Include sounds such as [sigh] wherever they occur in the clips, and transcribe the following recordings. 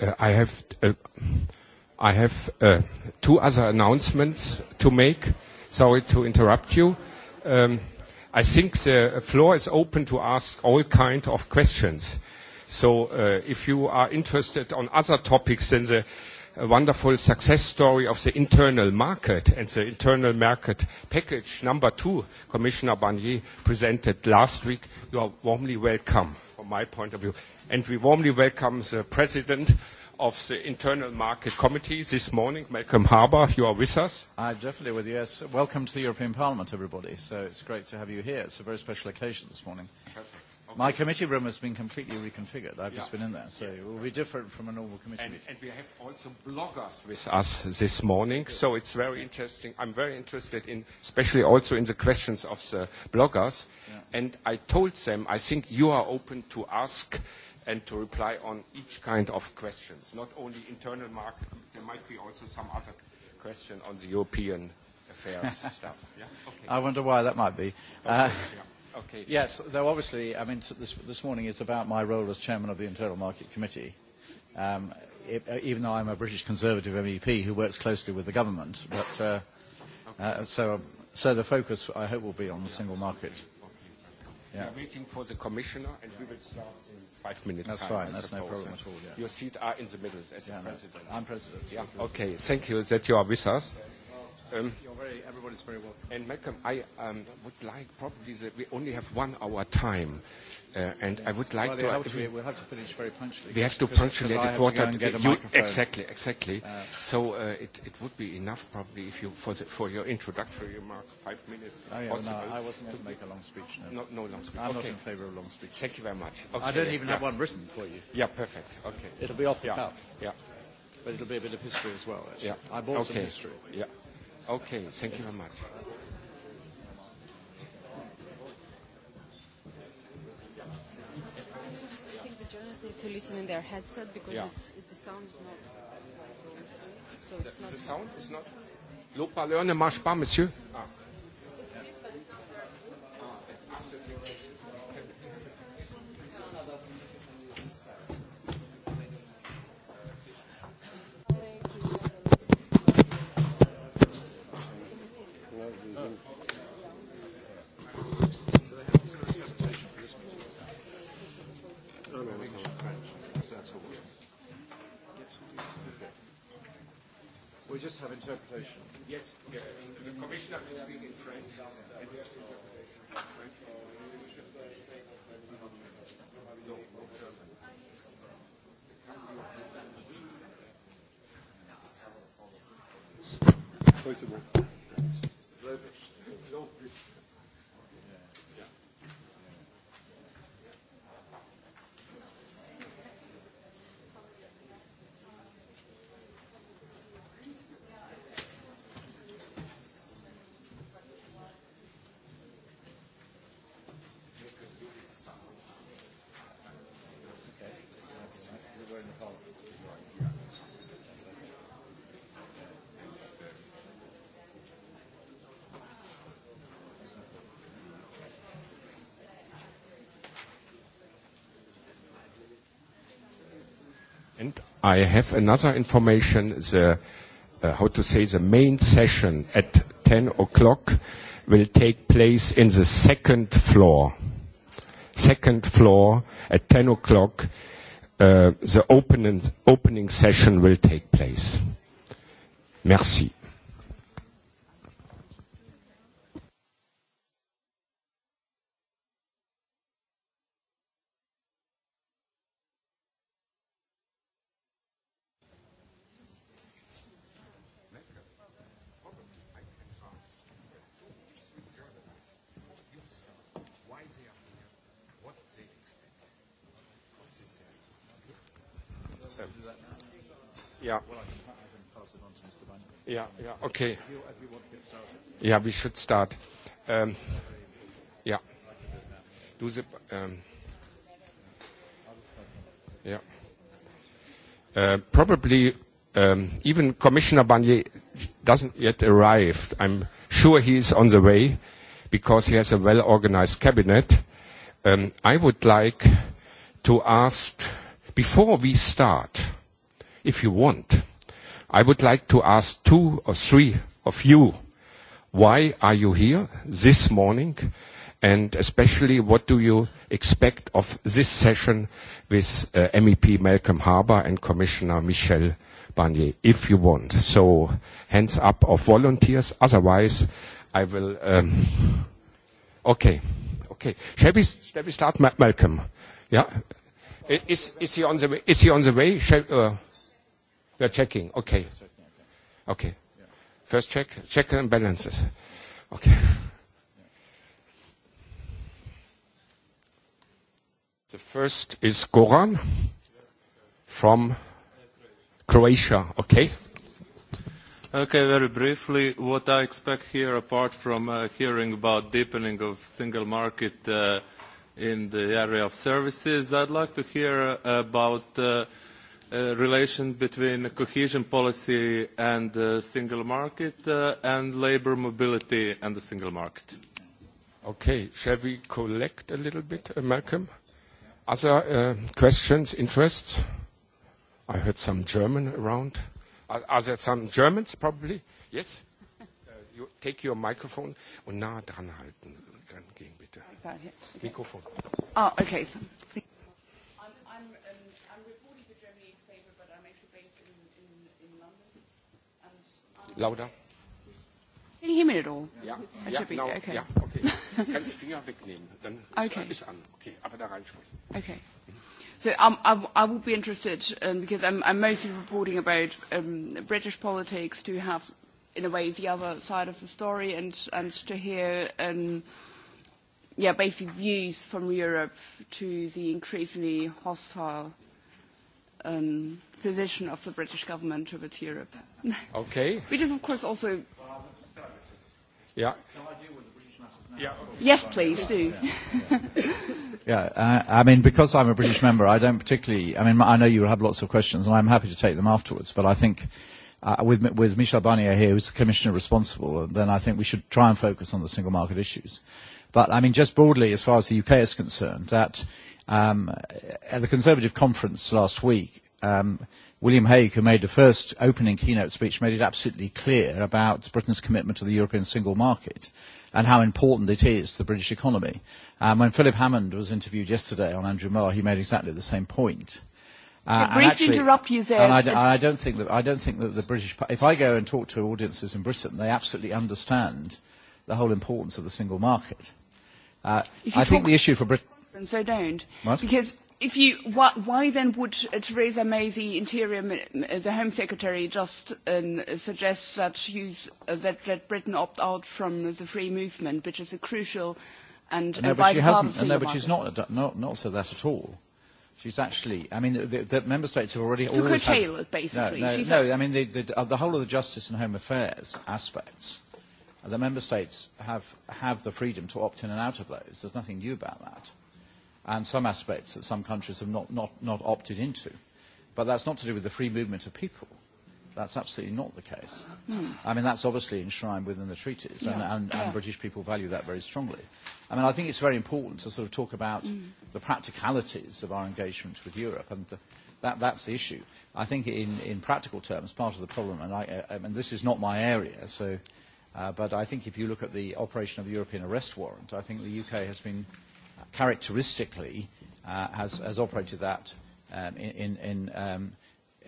Uh, I have, uh, I have uh, two other announcements to make. Sorry to interrupt you. Um, I think the floor is open to ask all kind of questions. So, if you are interested on other topics than the wonderful success story of the internal market and the internal market package number two Commissioner Barnier presented last week, you are warmly welcome from my point of view and we warmly welcome the President of the Internal Market Committee this morning, Malcolm Harbour. You are with us. I'm definitely with you. Yes. Welcome to the European Parliament, everybody. So it's great to have you here. It's a very special occasion this morning. Perfect. Okay. My committee room has been completely reconfigured. I've yeah. just been in there, so yes. it will be different from a normal committee and, meeting. And we have also bloggers with us this morning, Good. so it's very interesting. I'm very interested in, especially also in the questions of the bloggers. Yeah. And I told them, I think you are open to ask uh, and to reply on each kind of questions, not only internal market. There might be also some other question on the European affairs [laughs] stuff. Yeah? Okay. I wonder why that might be. Okay. Uh, yeah. Okay. Yes, though obviously, I mean, this, this morning is about my role as chairman of the Internal Market Committee. Um, it, uh, even though I'm a British Conservative MEP who works closely with the government, but uh, okay. uh, so, so the focus, I hope, will be on the yeah. single market. Yeah. We are waiting for the commissioner, and yeah. we will start in five minutes. That's time, fine. I That's suppose. no problem at all. Yeah. Your seat are in the middle as yeah, the president. No, I'm president. Yeah. Okay. Thank you that you are with us. Um, You're very, everybody's very welcome. And Malcolm, I um, would like probably that we only have one hour time. Uh, Uh, and I would like well, to... We'll uh, have to, we'll have to finish very punctually. We have to punctually at a quarter. To get a you, microphone. exactly, exactly. Uh, so uh, it, it would be enough probably if you, for, the, for your introductory remark, five minutes if oh, yeah, possible. No, I wasn't going to make a long speech. No, no, no long speech. I'm okay. not in favour of long speeches. Thank you very much. Okay. I don't even yeah. have one written for you. Yeah, perfect. Okay. It'll be off the yeah. cuff. Yeah. But it'll be a bit of history as well, actually. Yeah. I bought okay. some history. Yeah. Okay, thank you very much. journalists need to listen in their headset because yeah. it's, it, the sound is not. So it's the, not the sound is not. L'eau parleur ne marche pas, monsieur. Ah. should have been speaking French, and we have to interpretation in French. So we should uh, say that we don't know German. It can be Possible. I have another information, the, uh, how to say, the main session at 10 o'clock will take place in the second floor. Second floor at 10 o'clock, uh, the opening, opening session will take place. Merci. Yeah. Well, I can, I can pass it on to Mr. Bank. Yeah, yeah, okay. If you, if you want to get started. Yeah, we should start. Um, yeah. Do the, um, yeah. Uh, probably um, even Commissioner Barnier doesn't yet arrived. I'm sure he is on the way because he has a well-organized cabinet. Um, I would like to ask Before we start, if you want, I would like to ask two or three of you, why are you here this morning? And especially, what do you expect of this session with uh, MEP Malcolm Harbour and Commissioner Michel Barnier, if you want? So hands up of volunteers. Otherwise, I will... Um, okay. Okay. Shall we, shall we start, Ma Malcolm? Yeah? Is, is he on the way? Is he on the way? Shall, uh, we are checking. Okay. Okay. First check. Check and balances. Okay. The first is Goran from Croatia. Okay. Okay, very briefly, what I expect here, apart from uh, hearing about deepening of single market uh, in the area of services. I'd like to hear uh, about uh, uh, relation between cohesion policy and the uh, single market uh, and labor mobility and the single market. Okay. Shall we collect a little bit, uh, Malcolm? Other uh, questions, interests? I heard some German around. Are, are there some Germans, probably? Yes? [laughs] uh, you take your microphone und nah dran halten. Gehen, bitte. I can't hear. Mikrofon. Ah, okay. Um, Lauter. Can you hear me at all? Ja, I ja, be, no, okay. ja okay. [laughs] Kannst Finger wegnehmen, dann ist, okay. Äh, ist an. Okay, aber da reinsprechen. Okay. So um, I, I will be interested um, because I'm, I'm mostly reporting about um, British politics to have, in a way, the other side of the story and, and to hear um, yeah, basic views from Europe to the increasingly hostile um, position of the British government towards Europe. [laughs] Okay. Which is, of course, also. Yeah. Yeah. Yes, please do. [laughs] yeah, uh, I mean, because I'm a British member, I don't particularly. I mean, I know you have lots of questions, and I'm happy to take them afterwards. But I think uh, with with Michel Barnier here, who's the commissioner responsible, then I think we should try and focus on the single market issues. Uh, But I mean, just broadly, as far as the UK is concerned, that um, at the Conservative conference last week, um, William Hague, who made the first opening keynote speech, made it absolutely clear about Britain's commitment to the European single market and how important it is to the British economy. Um, when Philip Hammond was interviewed yesterday on Andrew Marr, he made exactly the same point. Uh, a brief actually, interrupt you there. And I, and I don't think that I don't think that the British. If I go and talk to audiences in Britain, they absolutely understand the whole importance of the single market. Uh, I think the issue for Britain. So don't. What? Because if you why, why then would uh, Theresa May, the Interior, uh, the Home Secretary, just um, suggest that, use, uh, that that Britain opt out from the free movement, which is a crucial and no, and but she hasn't. No, but market. she's not not not said that at all. She's actually, I mean, the, the member states have already. To always curtail had, it, basically. No, no, she's no a, I mean, the, the, uh, the whole of the justice and home affairs aspects The member states have, have the freedom to opt in and out of those. There's nothing new about that. And some aspects that some countries have not, not, not opted into. But that's not to do with the free movement of people. That's absolutely not the case. Mm. I mean, that's obviously enshrined within the treaties, yeah. and, and, yeah. and British people value that very strongly. I mean, I think it's very important to sort of talk about mm. the practicalities of our engagement with Europe, and the, that, that's the issue. I think in, in practical terms, part of the problem, and I, I mean, this is not my area, so Uh, but I think if you look at the operation of the European arrest warrant, I think the UK has been uh, characteristically uh, has, has operated that um, in, in um,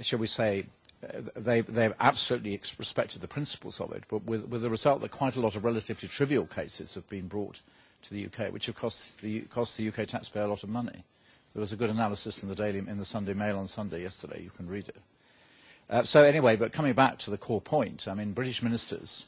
shall we say, uh, they, they've absolutely respected the principles of it, but with, with the result that quite a lot of relatively trivial cases have been brought to the UK, which have cost the, cost the UK taxpayer a lot of money. There was a good analysis in the, Daily, in the Sunday Mail on Sunday yesterday. You can read it. Uh, so anyway, but coming back to the core point, I mean, British ministers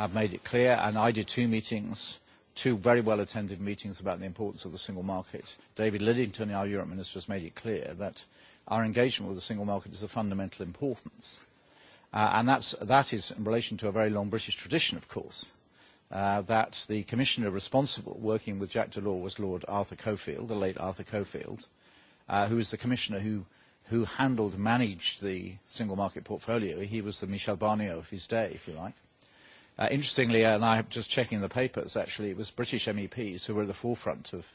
I've made it clear, and I did two meetings, two very well-attended meetings about the importance of the single market. David Lidington, our Europe Minister, has made it clear that our engagement with the single market is of fundamental importance. Uh, and that's, that is in relation to a very long British tradition, of course, uh, that the commissioner responsible working with Jack Delors was Lord Arthur Cofield, the late Arthur Cofield, uh, who was the commissioner who, who handled, managed the single market portfolio. He was the Michel Barnier of his day, if you like. Uh, interestingly, and I'm just checking the papers, actually, it was British MEPs who were at the forefront of,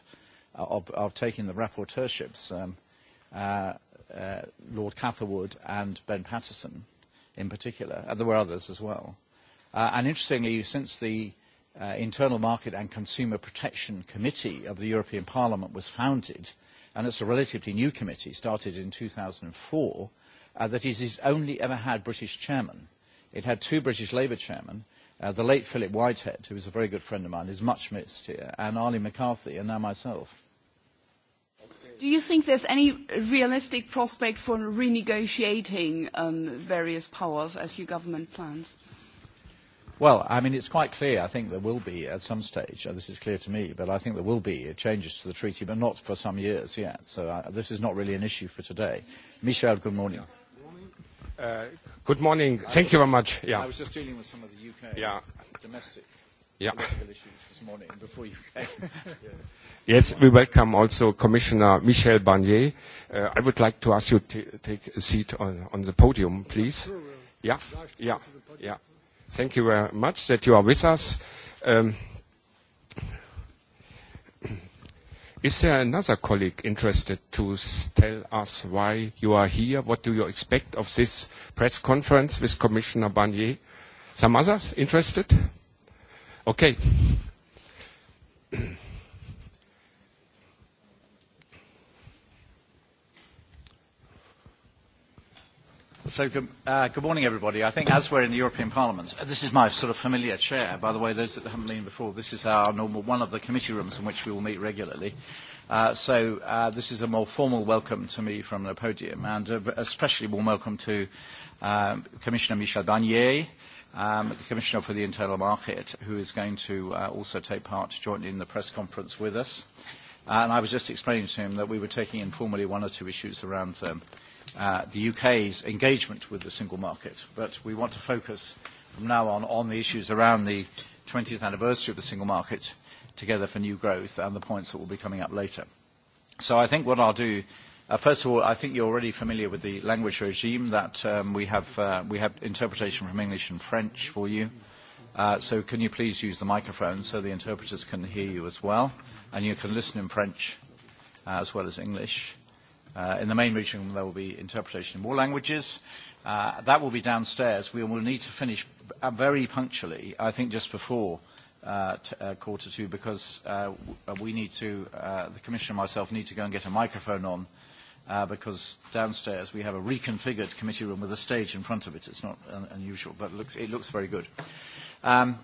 uh, of, of taking the rapporteurships, um, uh, uh, Lord Catherwood and Ben Patterson in particular, and there were others as well. Uh, and interestingly, since the uh, Internal Market and Consumer Protection Committee of the European Parliament was founded, and it's a relatively new committee, started in 2004, uh, that it has only ever had British chairmen. It had two British Labour chairmen, Uh, the late Philip Whitehead, who is a very good friend of mine, is much missed here, and Arlie McCarthy, and now myself. Do you think there's any realistic prospect for renegotiating um, various powers as your government plans? Well, I mean, it's quite clear, I think there will be at some stage, this is clear to me, but I think there will be changes to the treaty, but not for some years yet. So uh, this is not really an issue for today. Michel, good morning. Yeah. Uh, good morning. I Thank was, you very much. Yeah. I was just dealing with some of the U.K. Yeah. domestic yeah. political issues this morning before you came. yeah. [laughs] Yes, we welcome also Commissioner Michel Barnier. Uh, I would like to ask you to take a seat on, on the podium, please. Yeah. Yeah. Yeah. Thank you very much that you are with us. Um, Is there another colleague interested to tell us why you are here? What do you expect of this press conference with Commissioner Barnier? Some others interested? Okay. So good, uh, good morning, everybody. I think as we're in the European Parliament, uh, this is my sort of familiar chair. By the way, those that haven't been before, this is our normal one of the committee rooms in which we will meet regularly. Uh, so uh, this is a more formal welcome to me from the podium, and a especially warm welcome to um, Commissioner Michel Barnier, um, the Commissioner for the Internal Market, who is going to uh, also take part jointly in the press conference with us. Uh, and I was just explaining to him that we were taking informally one or two issues around um, – uh, the UK's engagement with the single market. But we want to focus from now on on the issues around the 20th anniversary of the single market together for new growth and the points that will be coming up later. So I think what I'll do, uh, first of all, I think you're already familiar with the language regime that um, we, have, uh, we have interpretation from English and French for you. Uh, so can you please use the microphone so the interpreters can hear you as well, and you can listen in French uh, as well as English. Uh, in the main meeting room, there will be interpretation in more languages. Uh, that will be downstairs. We will need to finish uh, very punctually, I think just before uh, t uh, quarter two, because uh, we need to, uh, the Commissioner and myself need to go and get a microphone on, uh, because downstairs we have a reconfigured committee room with a stage in front of it. It's not un uh, unusual, but it looks, it looks very good. Um,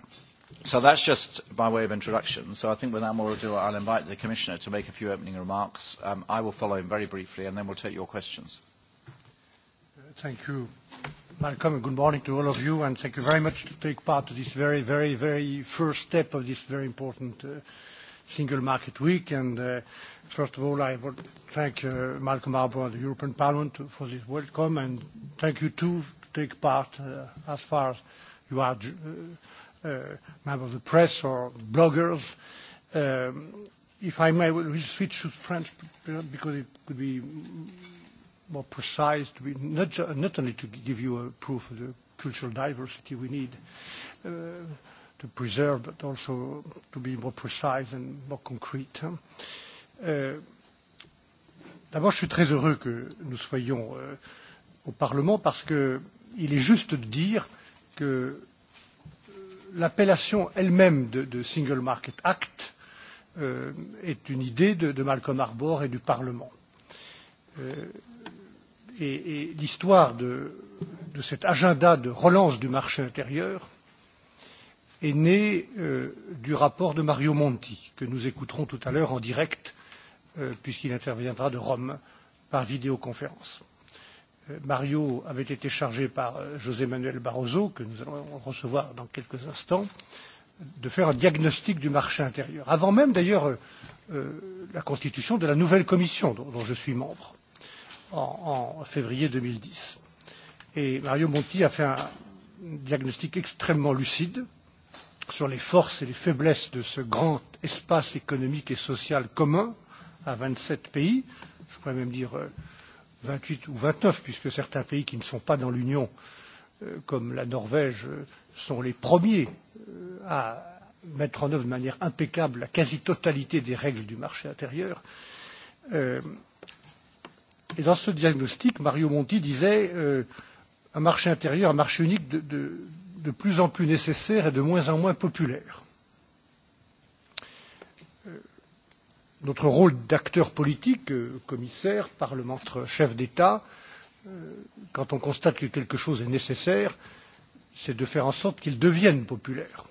So that's just by way of introduction. So I think without more ado, I'll invite the Commissioner to make a few opening remarks. Um, I will follow him very briefly, and then we'll take your questions. Thank you, Malcolm, and good morning to all of you, and thank you very much to take part to this very, very, very first step of this very important uh, Single Market Week. And uh, first of all, I would thank uh, Malcolm Harbour and the European Parliament for this welcome, and thank you too to take part uh, as far as you are uh, Uh, member of the press or bloggers. Um, if I may, we'll switch to French because it could be more precise, to be not, not only to give you a proof of the cultural diversity we need uh, to preserve, but also to be more precise and more concrete. Euh, D'abord, je suis très heureux que nous soyons euh, au Parlement parce qu'il est juste de dire que l'appellation elle-même de, de Single Market Act euh, est une idée de, de Malcolm Harbour et du Parlement. Euh, et et l'histoire de, de cet agenda de relance du marché intérieur est née euh, du rapport de Mario Monti, que nous écouterons tout à l'heure en direct, euh, puisqu'il interviendra de Rome par vidéoconférence. Euh, Mario avait été chargé par euh, José Manuel Barroso, que nous allons recevoir dans quelques instants, de faire un diagnostic du marché intérieur, avant même d'ailleurs euh, euh la constitution de la nouvelle commission dont, dont je suis membre en, en février 2010. Et Mario Monti a fait un diagnostic extrêmement lucide sur les forces et les faiblesses de ce grand espace économique et social commun à 27 pays, je pourrais même dire euh, 28 ou 29, puisque certains pays qui ne sont pas dans l'Union, euh, comme la Norvège, sont les premiers euh, à mettre en œuvre de manière impeccable la quasi-totalité des règles du marché intérieur. Euh, et dans ce diagnostic, Mario Monti disait euh, un marché intérieur, un marché unique de, de, de plus en plus nécessaire et de moins en moins populaire notre rôle d'acteur politique, euh, commissaire, parlementaire, chef d'État, euh, quand on constate que quelque chose est nécessaire, c'est de faire en sorte qu'il devienne populaire.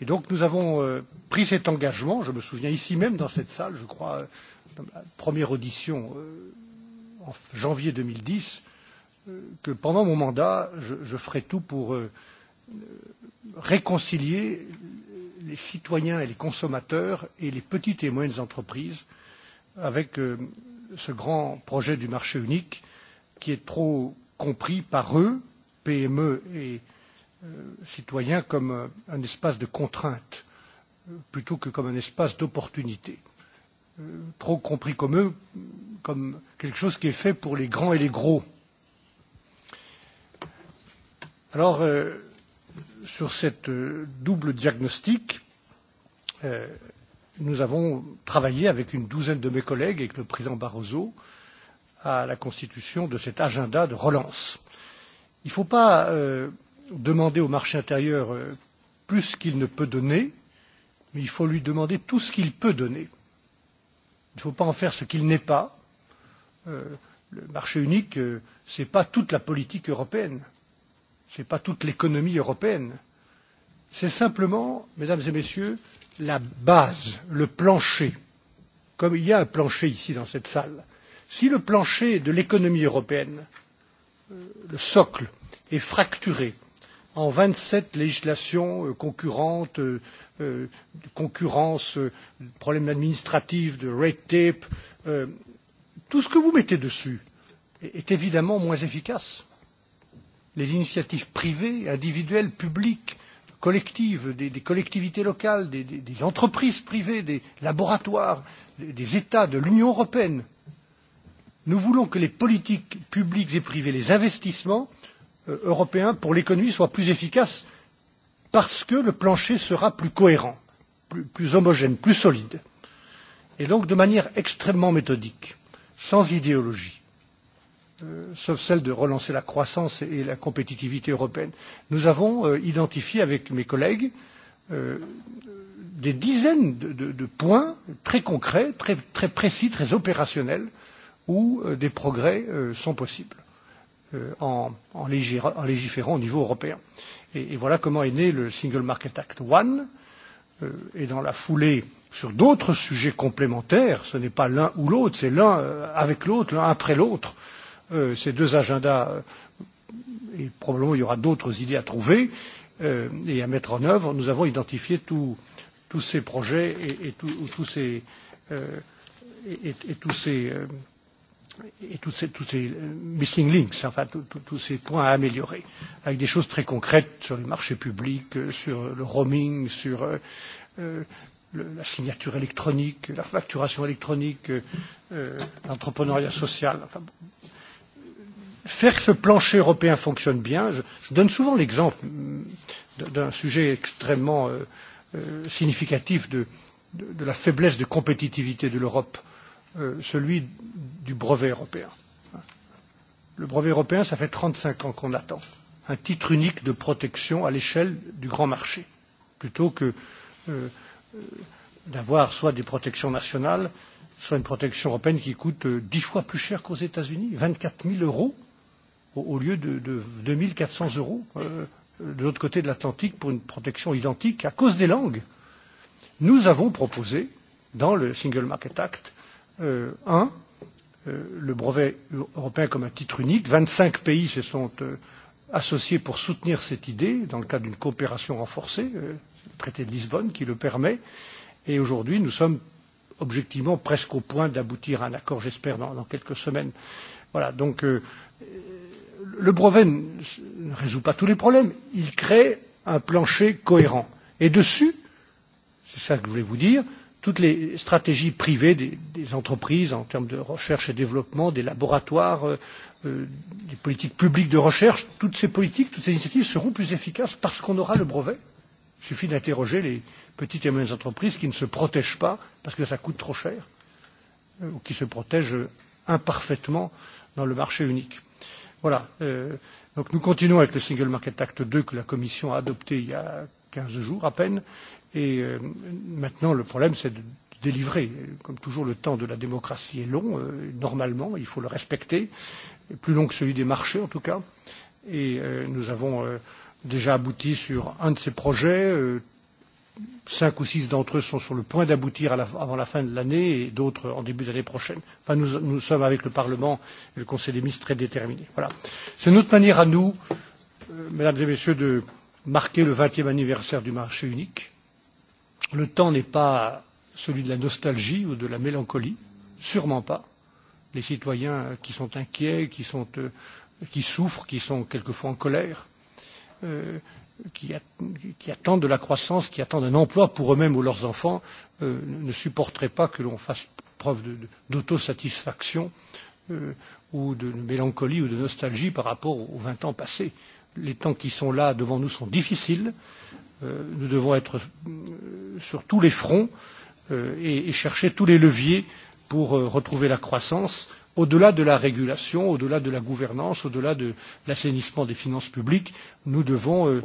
Et donc nous avons euh, pris cet engagement, je me souviens ici même dans cette salle, je crois, dans euh, la première audition euh, en janvier 2010, euh, que pendant mon mandat, je, je ferai tout pour euh, réconcilier les citoyens et les consommateurs et les petites et moyennes entreprises avec euh, ce grand projet du marché unique qui est trop compris par eux, PME et euh, citoyens, comme euh, un espace de contrainte euh, plutôt que comme un espace d'opportunité. Euh, trop compris comme eux, comme quelque chose qui est fait pour les grands et les gros. Alors, euh, sur cette euh, double diagnostic, euh, nous avons travaillé avec une douzaine de mes collègues, avec le président Barroso, à la constitution de cet agenda de relance. Il ne faut pas euh, demander au marché intérieur euh, plus qu'il ne peut donner, mais il faut lui demander tout ce qu'il peut donner. Il ne faut pas en faire ce qu'il n'est pas. Euh, le marché unique, euh, ce n'est pas toute la politique européenne. Euh, ce n'est pas toute l'économie européenne. C'est simplement, mesdames et messieurs, la base, le plancher. Comme il y a un plancher ici dans cette salle. Si le plancher de l'économie européenne, euh, le socle, est fracturé en vingt sept législations euh, concurrentes, euh, concurrence, problèmes administratifs, de red tape, tout ce que vous mettez dessus est évidemment moins efficace les initiatives privées, individuelles, publiques, collectives, des, des collectivités locales, des, des, des entreprises privées, des laboratoires, des, des États, de l'Union européenne. Nous voulons que les politiques publiques et privées, les investissements euh, européens pour l'économie soient plus efficaces parce que le plancher sera plus cohérent, plus, plus homogène, plus solide. Et donc de manière extrêmement méthodique, sans idéologie Euh, sauf celle de relancer la croissance et la compétitivité européenne. Nous avons euh, identifié avec mes collègues euh, des dizaines de, de, de points très concrets, très, très précis, très opérationnels, où euh, des progrès euh, sont possibles euh, en, en, légiférant, en légiférant au niveau européen. Et, et voilà comment est né le Single Market Act One, euh, et dans la foulée sur d'autres sujets complémentaires, ce n'est pas l'un ou l'autre, c'est l'un euh, avec l'autre, l'un après l'autre, euh, euh, ces deux agendas, euh, et probablement il y aura d'autres idées à trouver euh, et à mettre en œuvre, nous avons identifié tout, tous ces projets et, et, tout, tous ces, euh, et, et tous ces. Euh, et tous ces, tous ces euh, missing links, enfin tous ces points à améliorer, avec des choses très concrètes sur les marchés publics, sur le roaming, sur euh, euh le, la signature électronique, la facturation électronique, euh, l'entrepreneuriat social. Enfin, bon faire que ce plancher européen fonctionne bien, je, je donne souvent l'exemple mm, d'un sujet extrêmement euh, euh, significatif de, de, de la faiblesse de compétitivité de l'Europe, euh, celui du brevet européen. Le brevet européen, ça fait 35 ans qu'on attend un titre unique de protection à l'échelle du grand marché, plutôt que euh, euh d'avoir soit des protections nationales, soit une protection européenne qui coûte euh, dix fois plus cher qu'aux États-Unis, 24 000 euros au, au lieu de, de 2400 euros euh, de l'autre côté de l'Atlantique pour une protection identique à cause des langues. Nous avons proposé, dans le Single Market Act, euh, un, euh, le brevet européen comme un titre unique. 25 pays se sont euh, associés pour soutenir cette idée dans le cadre d'une coopération renforcée, euh, le traité de Lisbonne qui le permet. Et aujourd'hui, nous sommes objectivement presque au point d'aboutir à un accord, j'espère, dans, dans quelques semaines. Voilà, donc euh, le brevet ne, ne résout pas tous les problèmes. Il crée un plancher cohérent. Et dessus, c'est ça que je voulais vous dire, toutes les stratégies privées des, des entreprises en termes de recherche et développement, des laboratoires, euh, euh, des politiques publiques de recherche, toutes ces politiques, toutes ces initiatives seront plus efficaces parce qu'on aura le brevet. Il suffit d'interroger les petites et moyennes entreprises qui ne se protègent pas parce que ça coûte trop cher euh, ou qui se protègent imparfaitement dans le marché unique. Euh, Voilà. Euh, donc nous continuons avec le Single Market Act 2 que la Commission a adopté il y a 15 jours à peine. Et euh, maintenant, le problème, c'est de délivrer. Comme toujours, le temps de la démocratie est long. Euh, normalement, il faut le respecter. Plus long que celui des marchés, en tout cas. Et euh, nous avons euh, déjà abouti sur un de ces projets. Euh, cinq ou six d'entre eux sont sur le point d'aboutir avant la fin de l'année et d'autres en début d'année prochaine. Enfin, nous, nous sommes avec le Parlement et le Conseil des ministres très déterminés. Voilà. C'est notre manière à nous, euh, mesdames et messieurs, de marquer le vingtième anniversaire du marché unique. Le temps n'est pas celui de la nostalgie ou de la mélancolie, sûrement pas. Les citoyens qui sont inquiets, qui, sont, euh, qui souffrent, qui sont quelquefois en colère, euh, qui, a, qui attendent de la croissance, qui attendent un emploi pour eux-mêmes ou leurs enfants, euh, ne supporteraient pas que l'on fasse preuve d'autosatisfaction euh, ou de mélancolie ou de nostalgie par rapport aux 20 ans passés. Les temps qui sont là devant nous sont difficiles. Euh, nous devons être euh, sur tous les fronts euh, et, et chercher tous les leviers pour euh, retrouver la croissance au delà de la régulation, au delà de la gouvernance, au delà de l'assainissement des finances publiques, nous devons euh,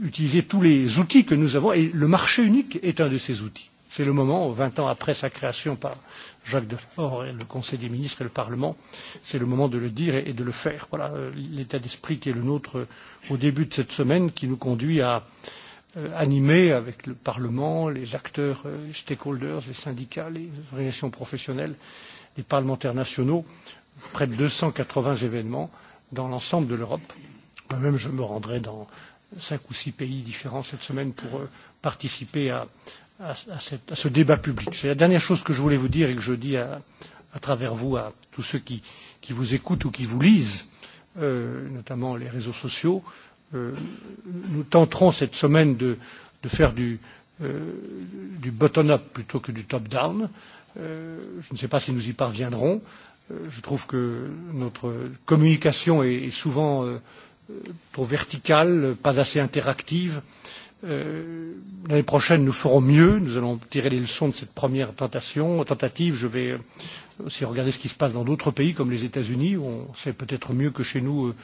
utiliser tous les outils que nous avons et le marché unique est un de ces outils. C'est le moment, vingt ans après sa création par Jacques Delors et le Conseil des ministres et le Parlement, c'est le moment de le dire et de le faire. Voilà euh, l'état d'esprit qui est le nôtre euh, au début de cette semaine qui nous conduit à euh, animer avec le Parlement, les acteurs, les stakeholders, les syndicats, les organisations professionnelles, euh, des parlementaires nationaux, près de 280 événements dans l'ensemble de l'Europe. Moi-même, je me rendrai dans cinq ou six pays différents cette semaine pour euh, participer à, à, à, cette, à ce débat public. C'est la dernière chose que je voulais vous dire et que je dis à, à travers vous, à tous ceux qui, qui vous écoutent ou qui vous lisent, euh, notamment les réseaux sociaux. Euh, nous tenterons cette semaine de, de faire du, euh, du bottom-up plutôt que du top-down. Euh, Euh, je ne sais pas si nous y parviendrons. Euh, je trouve que notre communication est souvent trop euh, verticale, pas assez interactive. L'année prochaine, nous ferons mieux. Nous allons tirer les leçons de cette première tentation, tentative. Je vais aussi regarder ce qui se passe dans d'autres pays comme les États-Unis, où on sait peut-être mieux que chez nous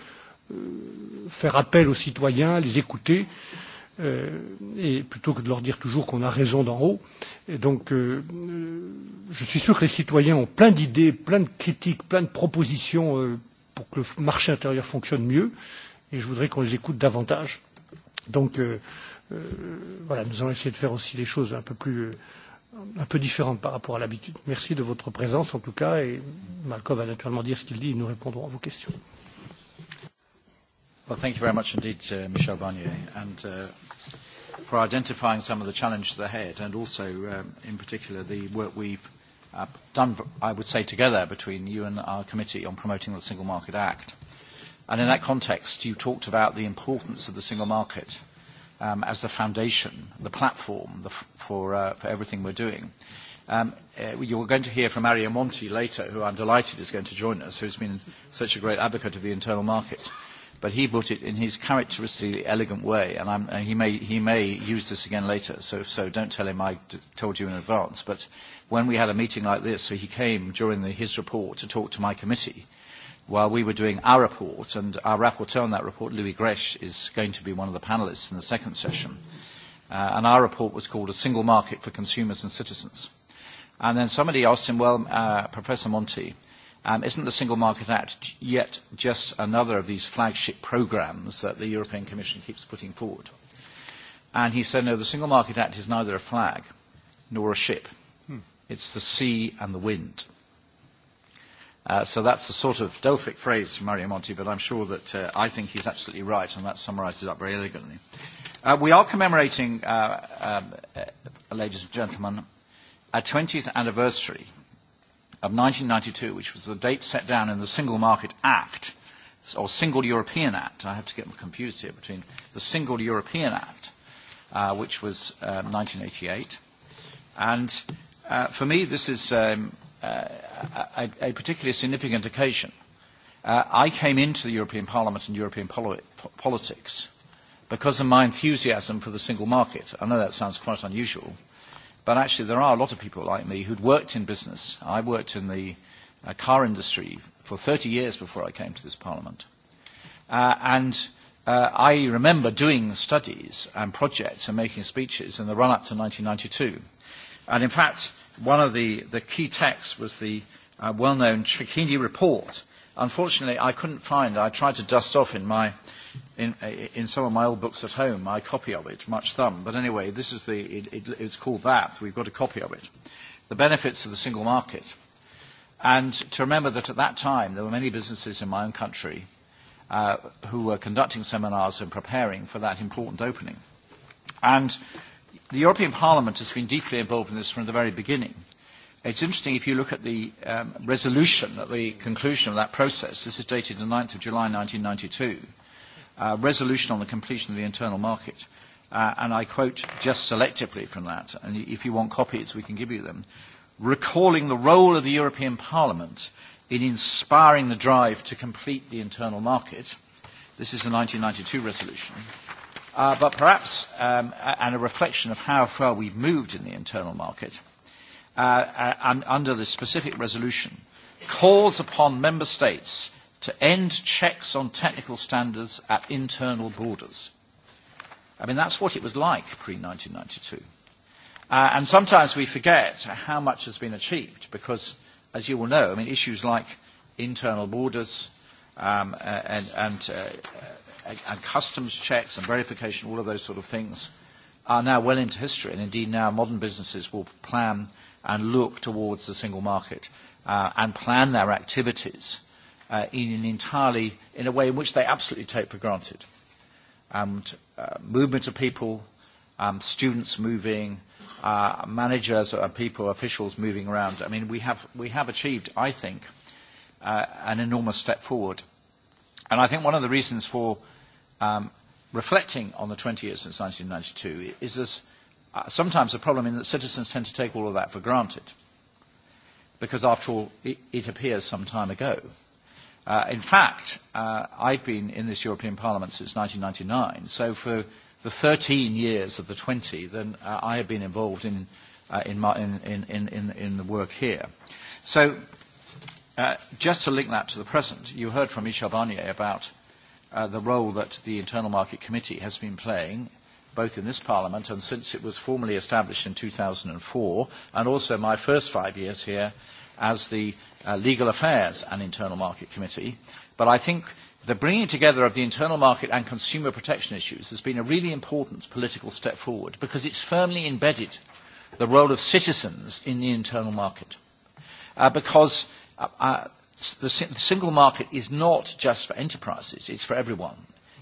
faire appel aux citoyens, les écouter. Euh, euh, et plutôt que de leur dire toujours qu'on a raison d'en haut. Et donc, euh, euh, je suis sûr que les citoyens ont plein d'idées, plein de critiques, plein de propositions euh, pour que le marché intérieur fonctionne mieux, et je voudrais qu'on les écoute davantage. Donc, euh, euh, voilà, nous allons essayer de faire aussi les choses un peu plus, euh, un peu différentes par rapport à l'habitude. Merci de votre présence en tout cas, et Malcolm va naturellement dire ce qu'il dit, et nous répondrons à vos questions. Well, thank you very much indeed, uh, Michel Barnier, and uh, for identifying some of the challenges ahead, and also, um, in particular, the work we've uh, done, I would say, together between you and our committee on promoting the Single Market Act. And in that context, you talked about the importance of the single market um, as the foundation, the platform the f- for, uh, for everything we're doing. Um, uh, you're going to hear from Mario Monti later, who I'm delighted is going to join us, who's been such a great advocate of the internal market but he brought it in his characteristically elegant way, and, I'm, and he, may, he may use this again later, so, so don't tell him I d- told you in advance. But when we had a meeting like this, so he came during the, his report to talk to my committee while we were doing our report, and our rapporteur on that report, Louis Gresh, is going to be one of the panelists in the second session. Uh, and our report was called A Single Market for Consumers and Citizens. And then somebody asked him, well, uh, Professor Monti, Um, isn't the Single Market Act yet just another of these flagship programs that the European Commission keeps putting forward? And he said, no, the Single Market Act is neither a flag nor a ship. Hmm. It's the sea and the wind. Uh, so that's the sort of Delphic phrase from Mario Monti, but I'm sure that uh, I think he's absolutely right, and that summarizes it up very elegantly. Uh, we are commemorating, uh, um, uh, ladies and gentlemen, our 20th anniversary of 1992, which was the date set down in the Single Market Act, or Single European Act. I have to get confused here between the Single European Act, uh, which was um, 1988. And uh, for me, this is um, uh, a, a particularly significant occasion. Uh, I came into the European Parliament and European poli- politics because of my enthusiasm for the single market. I know that sounds quite unusual, But actually, there are a lot of people like me who'd worked in business. I worked in the uh, car industry for 30 years before I came to this parliament. Uh, and uh, I remember doing studies and projects and making speeches in the run-up to 1992. And in fact, one of the, the key texts was the uh, well-known Cicchini report. Unfortunately, I couldn't find, I tried to dust off in my in, in some of my old books at home, my copy of it, much thumb. But anyway, this is the, it, it, it's called that. We've got a copy of it. The benefits of the single market. And to remember that at that time, there were many businesses in my own country uh, who were conducting seminars and preparing for that important opening. And the European Parliament has been deeply involved in this from the very beginning. It's interesting if you look at the um, resolution at the conclusion of that process. This is dated the 9th of July 1992 uh, resolution on the completion of the internal market. Uh, and I quote just selectively from that, and if you want copies, we can give you them, recalling the role of the European Parliament in inspiring the drive to complete the internal market. This is the 1992 resolution. Uh, but perhaps, um, and a reflection of how far we've moved in the internal market, uh, and under this specific resolution, calls upon member states to end checks on technical standards at internal borders. I mean, that's what it was like pre-1992. Uh, and sometimes we forget how much has been achieved because, as you will know, I mean, issues like internal borders um, uh, and, and, uh, and customs checks and verification, all of those sort of things, are now well into history. And indeed, now modern businesses will plan and look towards the single market uh, and plan their activities uh, uh, in an entirely, in a way in which they absolutely take for granted. And uh, movement of people, um, students moving, uh, managers and uh, people, officials moving around. I mean, we have, we have achieved, I think, uh, an enormous step forward. And I think one of the reasons for um, reflecting on the 20 years since 1992 is this, uh, sometimes a problem in that citizens tend to take all of that for granted. Because after all, it, it appears some time ago. Uh, Uh, in fact, uh, I've been in this European Parliament since 1999, so for the 13 years of the 20, then uh, I have been involved in, uh, in, my, in, in, in, in the work here. So uh, just to link that to the present, you heard from Michel Barnier about uh, the role that the Internal Market Committee has been playing both in this Parliament and since it was formally established in 2004, and also my first five years here as the uh, Legal Affairs and Internal Market Committee. But I think the bringing together of the internal market and consumer protection issues has been a really important political step forward because it's firmly embedded the role of citizens in the internal market. Uh, because uh, uh, the, si the single market is not just for enterprises, it's for everyone.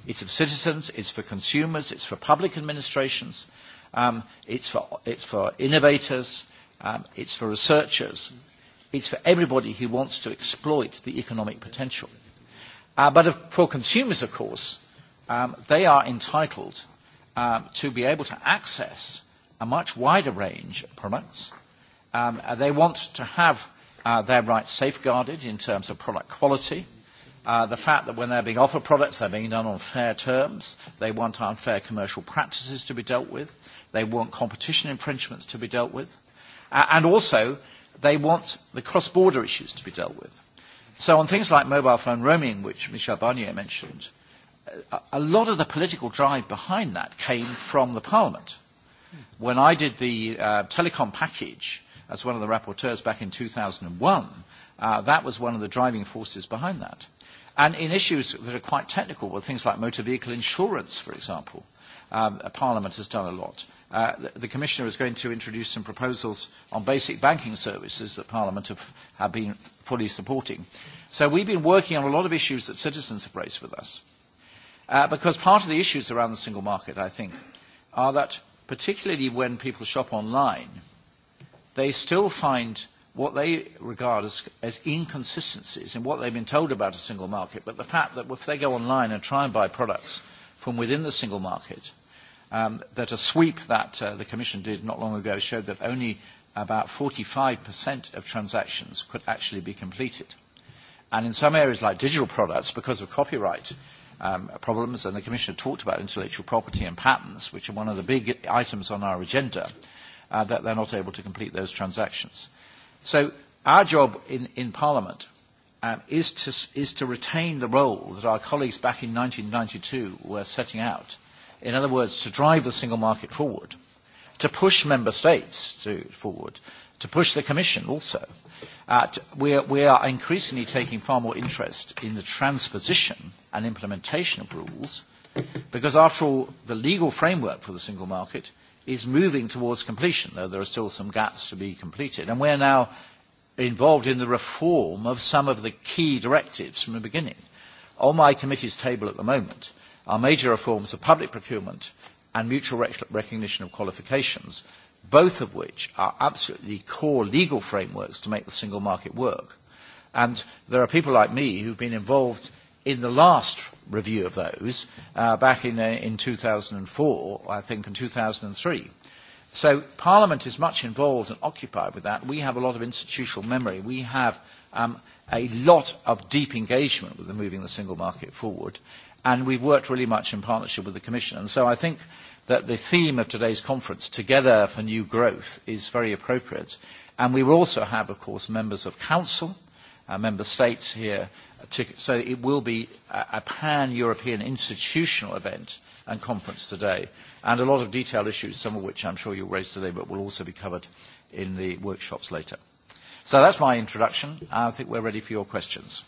It's for citizens, it's for consumers, it's for public administrations, um, it's, for, it's for innovators, um, it's for researchers. Mm-hmm It's for everybody who wants to exploit the economic potential. Uh, but if, for consumers, of course, um, they are entitled um, to be able to access a much wider range of products. Um, uh, they want to have uh, their rights safeguarded in terms of product quality. Uh, the fact that when they're being offered products, they're being done on fair terms. They want unfair commercial practices to be dealt with. They want competition infringements to be dealt with. Uh, and also, they want the cross-border issues to be dealt with. So on things like mobile phone roaming, which Michel Barnier mentioned, a lot of the political drive behind that came from the Parliament. When I did the uh, telecom package as one of the rapporteurs back in 2001, uh, that was one of the driving forces behind that. And in issues that are quite technical, well, things like motor vehicle insurance, for example, um, Parliament has done a lot. Uh, the, the Commissioner is going to introduce some proposals on basic banking services that Parliament have, have been fully supporting. So we've been working on a lot of issues that citizens have raised with us. Uh, because part of the issues around the single market, I think, are that particularly when people shop online, they still find what they regard as, as inconsistencies in what they've been told about a single market, but the fact that if they go online and try and buy products from within the single market, um, that a sweep that uh, the Commission did not long ago showed that only about 45% of transactions could actually be completed. And in some areas like digital products, because of copyright um, problems, and the Commissioner talked about intellectual property and patents, which are one of the big items on our agenda, uh, that they're not able to complete those transactions. So our job in, in Parliament um, is, to, is to retain the role that our colleagues back in 1992 were setting out In other words, to drive the single market forward, to push member states to, forward, to push the Commission also. Uh, to, we, are, we are increasingly taking far more interest in the transposition and implementation of rules, because after all, the legal framework for the single market is moving towards completion, though there are still some gaps to be completed. And we're now involved in the reform of some of the key directives from the beginning. On my committee's table at the moment are major reforms of public procurement and mutual rec recognition of qualifications, both of which are absolutely core legal frameworks to make the single market work. And there are people like me who've been involved in the last review of those uh, back in, uh, in 2004, I think, and 2003. So Parliament is much involved and occupied with that. We have a lot of institutional memory. We have um, a lot of deep engagement with the moving the single market forward and we've worked really much in partnership with the Commission. And so I think that the theme of today's conference, Together for New Growth, is very appropriate. And we will also have, of course, members of Council, uh, member states here, uh, to, so it will be a, a pan-European institutional event and conference today, and a lot of detailed issues, some of which I'm sure you'll raise today, but will also be covered in the workshops later. So that's my introduction. I think we're ready for your questions.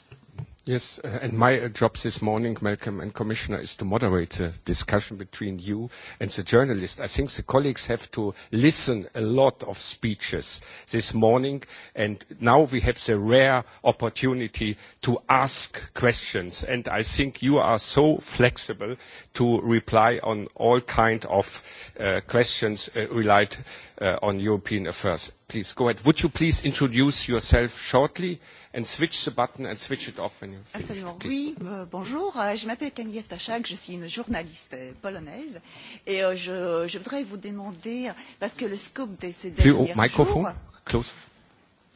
Yes, uh, and my uh, job this morning, Malcolm and Commissioner, is to moderate a discussion between you and the journalist. I think the colleagues have to listen a lot of speeches this morning, and now we have the rare opportunity to ask questions. And I think you are so flexible to reply on all kind of uh, questions uh, related uh, on European affairs. Please go ahead. Would you please introduce yourself shortly? Uh, and switch the button and switch it off when you finish. Absolument. Please. Oui, euh, bonjour. Euh, je m'appelle Camille Stachak, je suis une journaliste euh, polonaise et euh, je, je voudrais vous demander parce que le scope de ces derniers jours. Microphone close.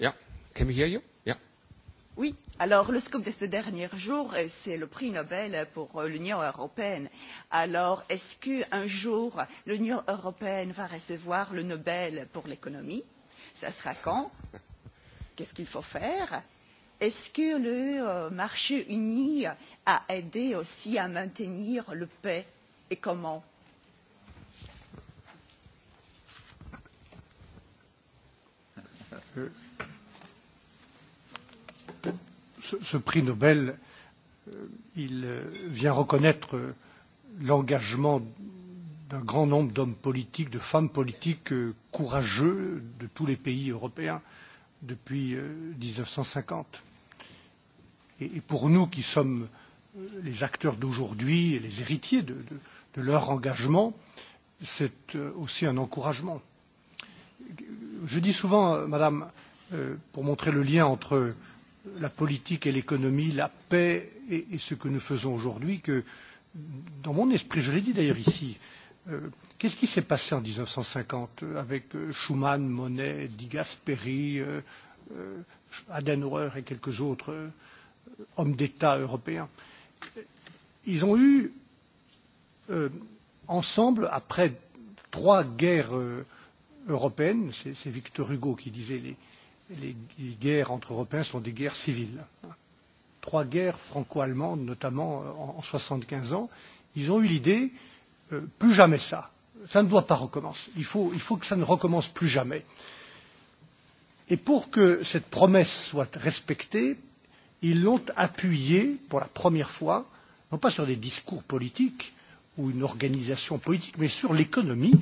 Yeah. Can we hear you? Yeah. Oui, alors le scoop de ces derniers jours, euh, c'est le prix Nobel pour l'Union européenne. Alors, est-ce qu'un jour, l'Union européenne va recevoir le Nobel pour l'économie Ça sera quand Qu'est-ce qu'il faut faire euh, Est-ce que le euh, marché uni a aidé aussi à maintenir le paix et comment ce, ce prix Nobel, euh, il euh, vient reconnaître l'engagement d'un grand nombre d'hommes politiques, de femmes politiques courageux de tous les pays européens depuis 1950 et pour nous qui sommes euh, les acteurs d'aujourd'hui et les héritiers de, de, de leur engagement, c'est euh, aussi un encouragement. Je dis souvent, euh, Madame, pour montrer le lien entre la politique et l'économie, la paix et, et ce que nous faisons aujourd'hui, que dans mon esprit, je l'ai dit d'ailleurs ici, euh, qu'est-ce qui s'est passé en 1950 avec Schuman, Monet, Di Gasperi, euh, euh, Adenauer et quelques autres euh, hommes d'État européens, ils ont eu euh, ensemble, après trois guerres euh, européennes, c'est Victor Hugo qui disait les, les, les guerres entre Européens sont des guerres civiles. Trois guerres franco-allemandes, notamment euh, en, en 75 ans, ils ont eu l'idée euh, plus jamais ça. Ça ne doit pas recommencer. Il faut, il faut que ça ne recommence plus jamais. Et pour que cette promesse soit respectée, ils l'ont appuyé pour la première fois, non pas sur des discours politiques ou une organisation politique, mais sur l'économie.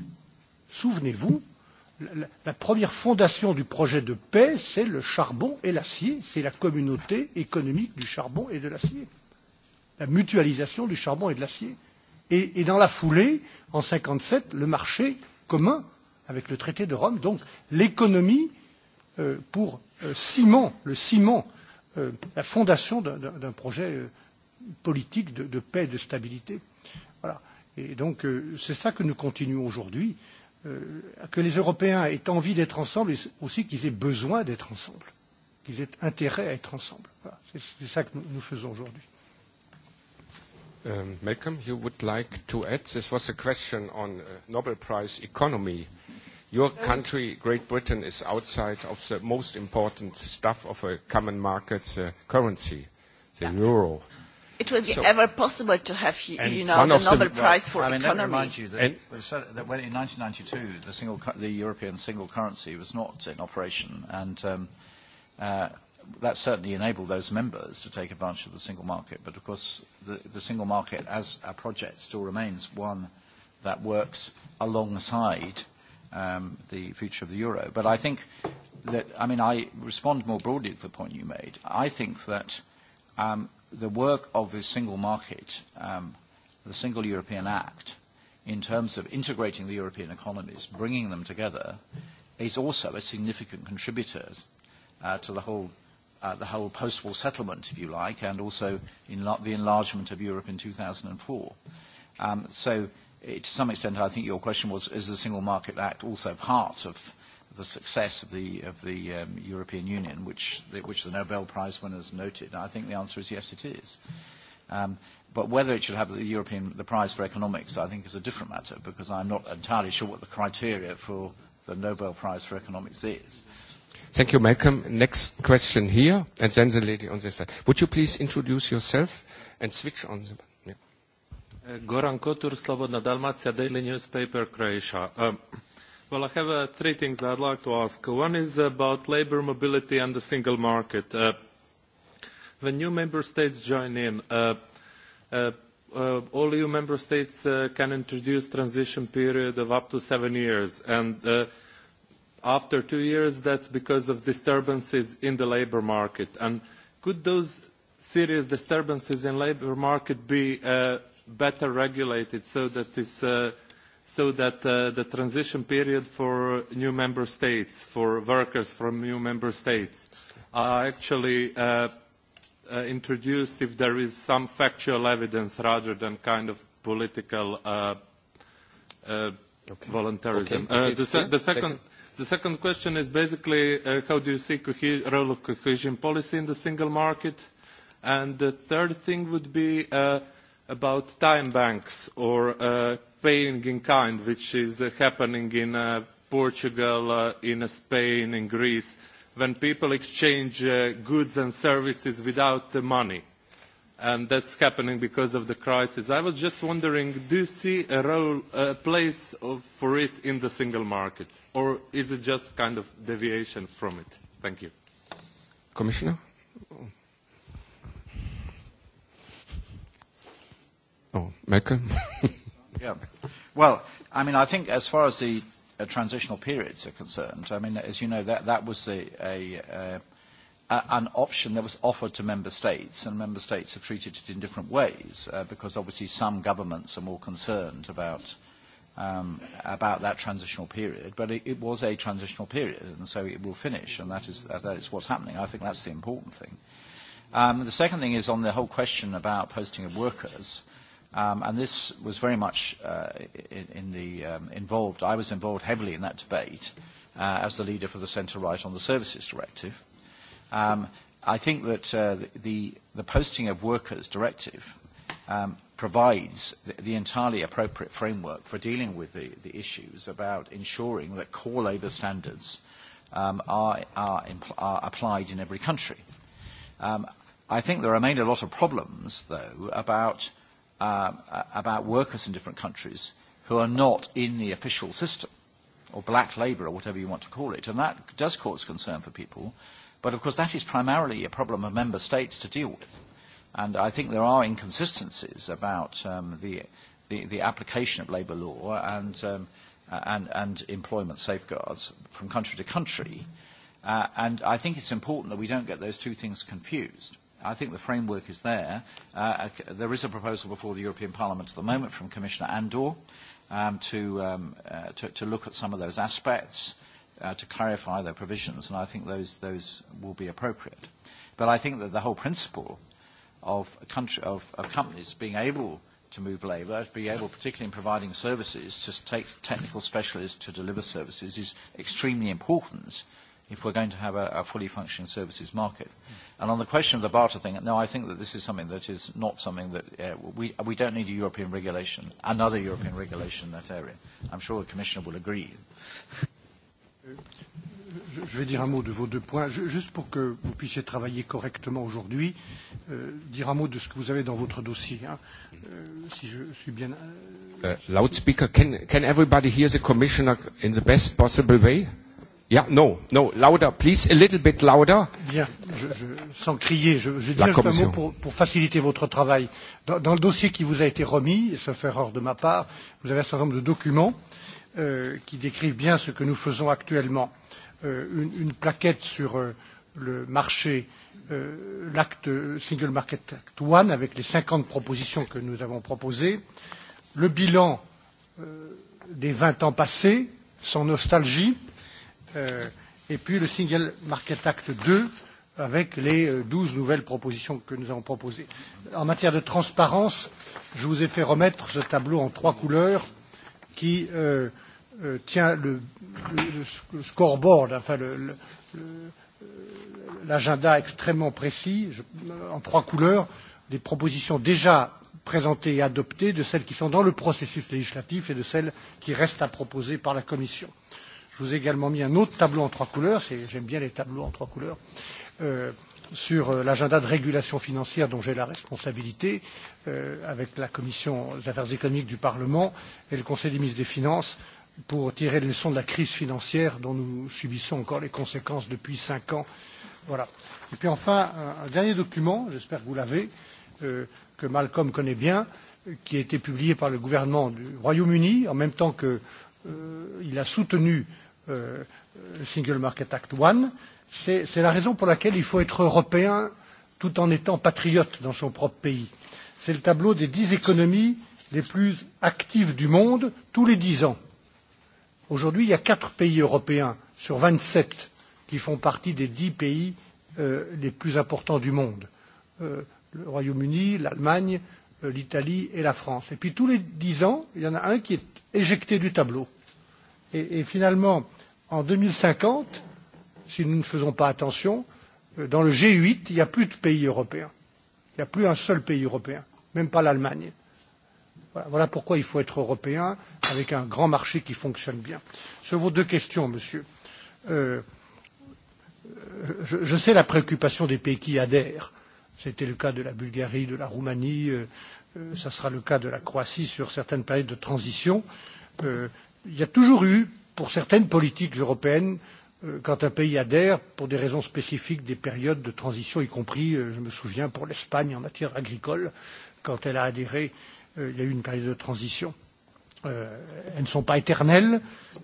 Souvenez-vous, la, la première fondation du projet de paix, c'est le charbon et l'acier, c'est la communauté économique du charbon et de l'acier, la mutualisation du charbon et de l'acier. Et, et dans la foulée, en 1957, le marché commun avec le traité de Rome, donc l'économie euh, pour euh, ciment, le ciment euh, la fondation d'un projet euh, politique de, de paix et de stabilité. Voilà. Et donc, euh, c'est ça que nous continuons aujourd'hui, euh, que les Européens aient envie d'être ensemble et aussi qu'ils aient besoin d'être ensemble, qu'ils aient intérêt à être ensemble. Voilà. C'est ça que nous, nous faisons aujourd'hui. Um, Malcolm, you would like to add? This was a question on uh, Nobel Prize economy Your country, Great Britain, is outside of the most important stuff of a common market uh, currency, the yeah. euro. It was so, ever possible to have, you know, the Nobel the, Prize well, for I mean, economy. Let me remind you that, and, that when in 1992 the, single, the European single currency was not in operation, and um, uh, that certainly enabled those members to take advantage of the single market. But of course, the, the single market as a project still remains one that works alongside um, the future of the euro. But I think that, I mean, I respond more broadly to the point you made. I think that um, the work of the single market, um, the single European Act, in terms of integrating the European economies, bringing them together, is also a significant contributor uh, to the whole, uh, the whole post-war settlement, if you like, and also in la- the enlargement of Europe in 2004. Um, so it, to some extent, I think your question was, is the Single Market Act also part of the success of the, of the um, European Union, which the, which the Nobel Prize winners noted? I think the answer is yes, it is. Um, but whether it should have the European the prize for economics, I think, is a different matter because I'm not entirely sure what the criteria for the Nobel Prize for economics is. Thank you, Malcolm. Next question here, and then the lady on this side. Would you please introduce yourself and switch on the Goran Kotur, Slobodna Dalmatia, Daily Newspaper, Croatia. Um, well, I have uh, three things I'd like to ask. One is about labor mobility and the single market. Uh, when new member states join in, uh, uh, uh, all EU member states uh, can introduce transition period of up to seven years. And uh, after two years, that's because of disturbances in the labor market. And could those serious disturbances in labor market be uh, better regulated so that this uh, so that uh, the transition period for new member states, for workers from new member states, are actually uh, uh, introduced if there is some factual evidence rather than kind of political uh, uh, okay. voluntarism. Okay. Uh, okay, uh, the, se the, second, second. the second question is basically uh, how do you see the role of cohesion policy in the single market? And the third thing would be uh, – about time banks or uh, paying in kind, which is uh, happening in uh, Portugal, uh, in Spain, in Greece, when people exchange uh, goods and services without the money. And that's happening because of the crisis. I was just wondering, do you see a role, a place of, for it in the single market? Or is it just kind of deviation from it? Thank you. Commissioner? Oh, Mecca? [laughs] yeah. Well, I mean, I think as far as the uh, transitional periods are concerned, I mean, as you know, that, that was a, a, uh, a, an option that was offered to member states, and member states have treated it in different ways, uh, because obviously some governments are more concerned about um, about that transitional period, but it, it was a transitional period, and so it will finish, and that is, that is what's happening. I think that's the important thing. Um, the second thing is on the whole question about posting of workers. Uh, Um, and this was very much uh, in, in the, um, involved. I was involved heavily in that debate uh, as the leader for the centre-right on the services directive. Um, I think that uh, the, the posting of workers directive um, provides the, the entirely appropriate framework for dealing with the, the issues about ensuring that core labour standards um, are, are, impl- are applied in every country. Um, I think there remain a lot of problems, though, about – uh, about workers in different countries who are not in the official system, or black labour, or whatever you want to call it. And that does cause concern for people. But of course, that is primarily a problem of member states to deal with. And I think there are inconsistencies about um, the, the, the application of labour law and, um, and, and employment safeguards from country to country. Uh, and I think it's important that we don't get those two things confused. I think the framework is there. Uh, there is a proposal before the European Parliament at the moment from Commissioner Andor um, to, um, uh, to, to look at some of those aspects, uh, to clarify their provisions, and I think those, those will be appropriate. But I think that the whole principle of, a country, of, of companies being able to move labour, being able, particularly in providing services, to take technical specialists to deliver services is extremely important if we're going to have a, a fully functioning services market. And on the question of the barter thing, no, I think that this is something that is not something that uh, we, we don't need a European regulation, another European regulation in that area. I'm sure the Commissioner will agree. Je vais dire un mot de vos deux points, juste pour que vous puissiez travailler correctement aujourd'hui, euh, dire un mot de ce que vous avez dans votre dossier, hein, euh, si je suis bien. Euh... Uh, loudspeaker, can, can everybody hear the commissioner in the best possible way? Uh, Yeah, no, no, louder, please, a little bit louder. Bien, je, je, sans crier, je, je dis juste commission. un mot pour, pour faciliter votre travail. Dans, dans le dossier qui vous a été remis, sauf erreur de ma part, vous avez un certain nombre de documents euh, qui décrivent bien ce que nous faisons actuellement. Euh, une, une plaquette sur euh, le marché, euh, l'acte Single Market Act One, avec les 50 propositions que nous avons proposées, le bilan euh, des 20 ans passés, sans nostalgie, euh, et puis le Single Market Act 2 avec les euh, douze nouvelles propositions que nous avons proposées. En matière de transparence, je vous ai fait remettre ce tableau en trois couleurs qui euh, euh, tient le, le, le scoreboard, enfin l'agenda le, le, extrêmement précis, je, euh, en trois couleurs, des propositions déjà présentées et adoptées, de celles qui sont dans le processus législatif et de celles qui restent à proposer par la Commission. Euh, Je vous ai également mis un autre tableau en trois couleurs, j'aime bien les tableaux en trois couleurs, euh, sur euh, l'agenda de régulation financière dont j'ai la responsabilité euh, avec la Commission des affaires économiques du Parlement et le Conseil des ministres des Finances pour tirer les leçons de la crise financière dont nous subissons encore les conséquences depuis cinq ans. Voilà. Et puis enfin, un, un dernier document, j'espère que vous l'avez, euh, que Malcolm connaît bien, qui a été publié par le gouvernement du Royaume-Uni en même temps qu'il euh, a soutenu euh, euh, Single Market Act One. C'est la raison pour laquelle il faut être européen tout en étant patriote dans son propre pays. C'est le tableau des dix économies les plus actives du monde tous les dix ans. Aujourd'hui, il y a quatre pays européens sur vingt sept qui font partie des dix pays euh, les plus importants du monde euh, le Royaume Uni, l'Allemagne, euh, l'Italie et la France. Et puis tous les dix ans, il y en a un qui est éjecté du tableau. Et, et finalement, en deux mille cinquante si nous ne faisons pas attention euh, dans le g huit il n'y a plus de pays européens il n'y a plus un seul pays européen même pas l'allemagne. Voilà, voilà pourquoi il faut être européen avec un grand marché qui fonctionne bien. sur vos deux questions monsieur euh, euh je, je sais la préoccupation des pays qui adhèrent c'était le cas de la bulgarie de la roumanie euh, euh, ça sera le cas de la croatie sur certaines périodes de transition. Euh, il y a toujours eu pour certaines politiques européennes euh, quand un pays adhère pour des raisons spécifiques des périodes de transition y compris euh, je me souviens pour l'espagne en matière agricole quand elle a adhéré euh, il y a eu une période de transition. elles ne sont pas éternelles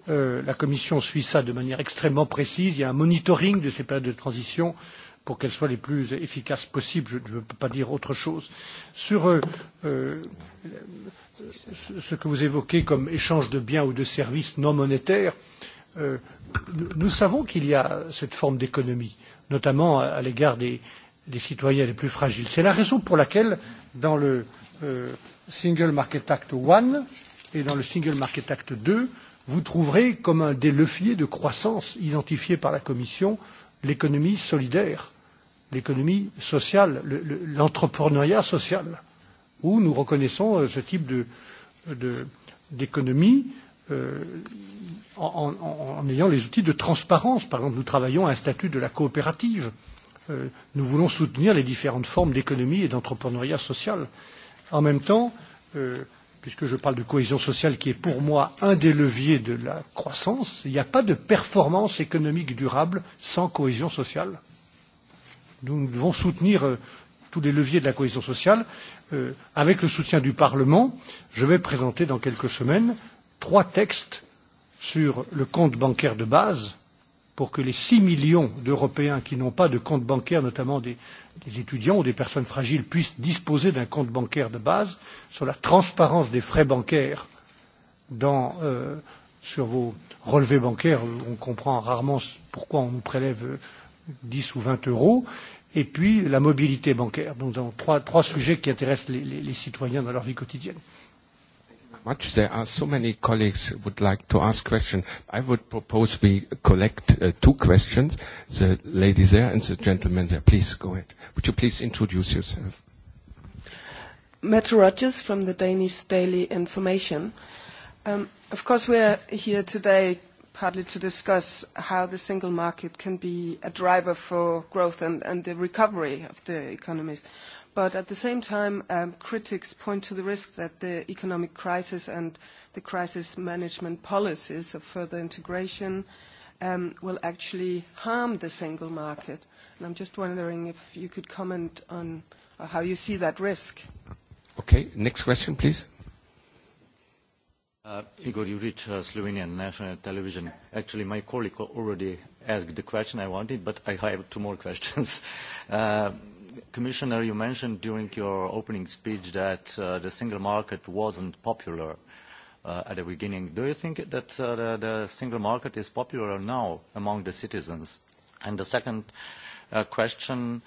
la commission suit cela de manière extrêmement précise il y a un monitoring de ces périodes de transition pour qu'elles soient les plus efficaces possibles. Je ne peux pas dire autre chose. Sur euh, euh, ce que vous évoquez comme échange de biens ou de services non monétaires, euh, nous savons qu'il y a cette forme d'économie, notamment à, à l'égard des, des citoyens les plus fragiles. C'est la raison pour laquelle, dans le euh, Single Market Act I et dans le Single Market Act II, vous trouverez comme un des leviers de croissance identifiés par la Commission euh, l'économie solidaire, l'économie sociale, l'entrepreneuriat le, le, social, où nous reconnaissons euh, ce type d'économie de, de, euh, en, en, en ayant les outils de transparence. Par exemple, nous travaillons à un statut de la coopérative. Euh, nous voulons soutenir les différentes formes d'économie et d'entrepreneuriat social. En même temps, euh, puisque je parle de cohésion sociale qui est pour moi un des leviers de la croissance, il n'y a pas de performance économique durable sans cohésion sociale. Nous devons soutenir euh, tous les leviers de la cohésion sociale. Euh, avec le soutien du Parlement, je vais présenter dans quelques semaines trois textes sur le compte bancaire de base pour que les 6 millions d'Européens qui n'ont pas de compte bancaire, notamment des, des étudiants ou des personnes fragiles, puissent disposer d'un compte bancaire de base, sur la transparence des frais bancaires dans, euh, sur vos relevés bancaires. On comprend rarement pourquoi on nous prélève 10 euh, ou 20 euros. Et puis la mobilité bancaire. Donc, nous avons trois, trois sujets qui intéressent les, les, les citoyens dans leur vie quotidienne much. There are so many colleagues who would like to ask questions. I would propose we collect uh, two questions. The lady there and the gentleman there. Please go ahead. Would you please introduce yourself? Mette Rogers from the Danish Daily Information. Um, of course, we're here today partly to discuss how the single market can be a driver for growth and, and the recovery of the economies. But at the same time, um, critics point to the risk that the economic crisis and the crisis management policies of further integration um, will actually harm the single market. And I'm just wondering if you could comment on uh, how you see that risk. Okay. Next question, please. Uh, Igor Juric, uh, Slovenian National Television. Actually, my colleague already asked the question I wanted, but I have two more [laughs] questions. Uh, Commissioner, you mentioned during your opening speech that uh, the single market wasn't popular uh, at the beginning. Do you think that uh, the, the single market is popular now among the citizens? And the second uh, question,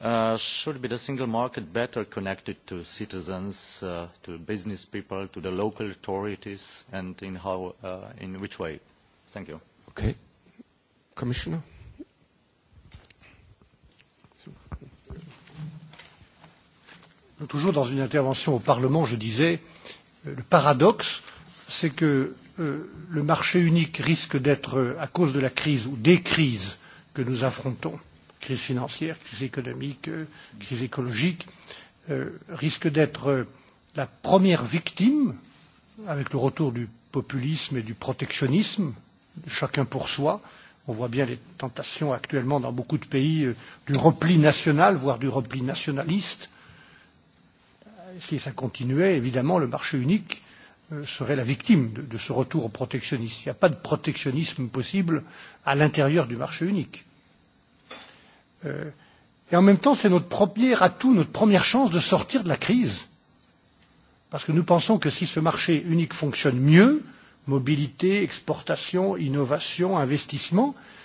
uh, should be the single market better connected to citizens, uh, to business people, to the local authorities, and in, how, uh, in which way? Thank you. Okay. Commissioner? L'autre jour, dans une intervention au Parlement, je disais euh, le paradoxe, c'est que euh, le marché unique risque d'être, euh, à cause de la crise ou des crises que nous affrontons, crise financière, crise économique, euh, crise écologique, euh, risque d'être euh, la première victime, avec le retour du populisme et du protectionnisme, chacun pour soi. On voit bien les tentations actuellement dans beaucoup de pays euh, du repli national, voire du repli nationaliste si ça continuait, évidemment, le marché unique euh, serait la victime de, de ce retour au protectionnisme. Il n'y a pas de protectionnisme possible à l'intérieur du marché unique. Euh, et en même temps, c'est notre premier atout, notre première chance de sortir de la crise. Parce que nous pensons que si ce marché unique fonctionne mieux, mobilité, exportation, innovation, investissement, euh,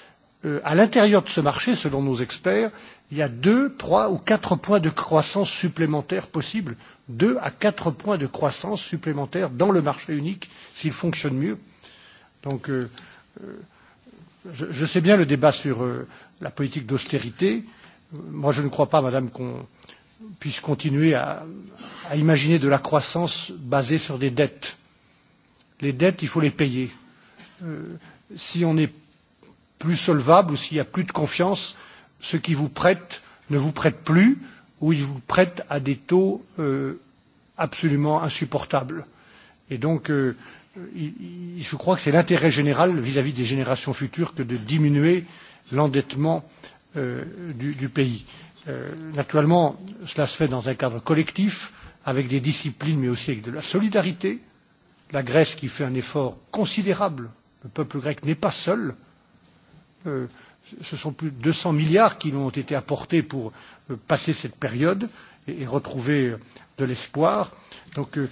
euh, à l'intérieur de ce marché, selon nos experts, il y a deux, trois ou quatre points de croissance supplémentaires possibles, deux à quatre points de croissance supplémentaires dans le marché unique s'il fonctionne mieux. Donc, euh, euh, je, je sais bien le débat sur euh, la politique d'austérité. Moi, je ne crois pas, Madame, qu'on puisse continuer à, à imaginer de la croissance basée sur des dettes. Les dettes, il faut les payer. Euh, si on est plus solvable ou s'il n'y a plus de confiance, ceux qui vous prêtent ne vous prêtent plus ou ils vous prêtent à des taux euh, absolument insupportables. Et donc, euh, je crois que c'est l'intérêt général vis-à-vis -vis des générations futures que de diminuer l'endettement euh, du, du pays. Euh, naturellement, cela se fait dans un cadre collectif, avec des disciplines, mais aussi avec de la solidarité. La Grèce qui fait un effort considérable, le peuple grec n'est pas seul, euh, ce sont plus de 200 milliards qui nous ont été apportés pour euh, passer cette période et, et retrouver euh, de l'espoir. Donc euh,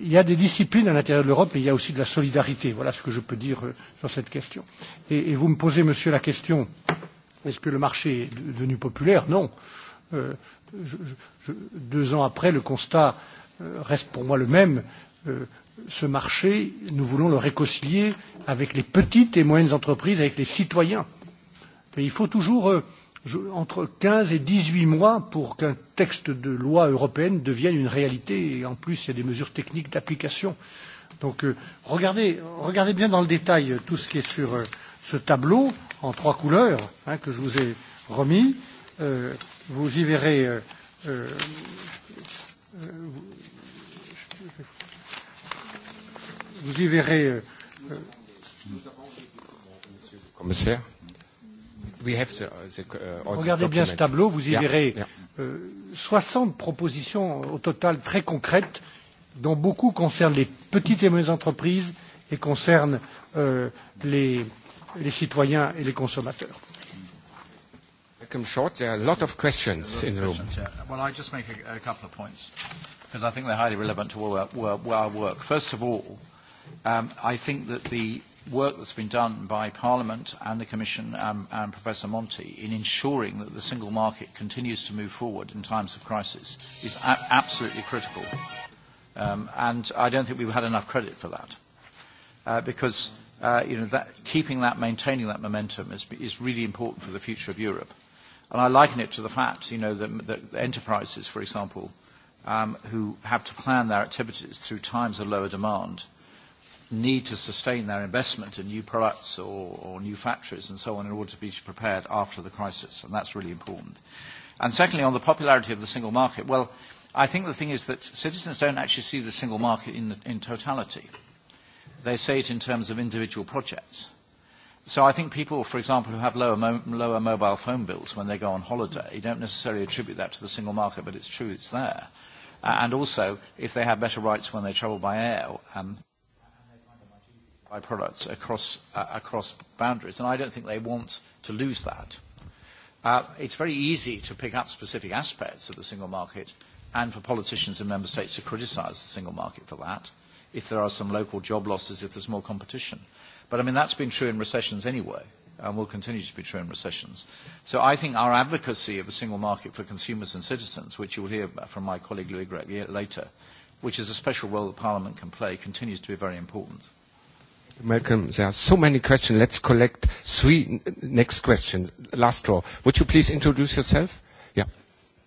il y a des disciplines à l'intérieur de l'Europe, mais il y a aussi de la solidarité. Voilà ce que je peux dire euh, sur cette question. Et, et vous me posez, monsieur, la question est-ce que le marché est devenu populaire Non. Euh, je, je, deux ans après, le constat euh, reste pour moi le même. Euh, ce marché, nous voulons le réconcilier avec les petites et moyennes entreprises, avec les citoyens. Mais il faut toujours euh, entre 15 et 18 mois pour qu'un texte de loi européenne devienne une réalité. Et en plus, il y a des mesures techniques d'application. Donc, euh, regardez, regardez bien dans le détail tout ce qui est sur euh, ce tableau en trois couleurs hein, que je vous ai remis. Euh, vous y verrez. Euh, euh, vous y verrez. Euh, Commissaire We have the, uh, the, uh, Regardez the bien ce tableau, vous y yeah, verrez yeah. Euh, 60 propositions au total très concrètes, dont beaucoup concernent les petites et moyennes entreprises et concernent euh, les, les citoyens et les consommateurs. Come short. There are a lot of questions in the room. Yeah. Well, I just make a, a couple of points because I think they're highly relevant to our, our, our work. First of all, um, I think that the work that's been done by Parliament and the Commission um, and Professor Monti in ensuring that the single market continues to move forward in times of crisis is a- absolutely critical. Um, and I don't think we've had enough credit for that. Uh, because uh, you know, that, keeping that, maintaining that momentum is, is really important for the future of Europe. And I liken it to the fact, you know, that, that enterprises, for example, um, who have to plan their activities through times of lower demand – need to sustain their investment in new products or, or new factories and so on in order to be prepared after the crisis, and that's really important. And secondly, on the popularity of the single market, well, I think the thing is that citizens don't actually see the single market in, the, in totality. They say it in terms of individual projects. So I think people, for example, who have lower, mo- lower mobile phone bills when they go on holiday don't necessarily attribute that to the single market, but it's true it's there. Uh, and also, if they have better rights when they travel by air, um, byproducts across, uh, across boundaries, and I don't think they want to lose that. Uh, it's very easy to pick up specific aspects of the single market and for politicians in member states to criticise the single market for that if there are some local job losses, if there's more competition. But I mean, that's been true in recessions anyway and will continue to be true in recessions. So I think our advocacy of a single market for consumers and citizens, which you will hear from my colleague Louis Grech later, which is a special role that Parliament can play, continues to be very important. Malcolm, there are so many questions. Let's collect three next questions. Last draw. Would you please introduce yourself? Yeah.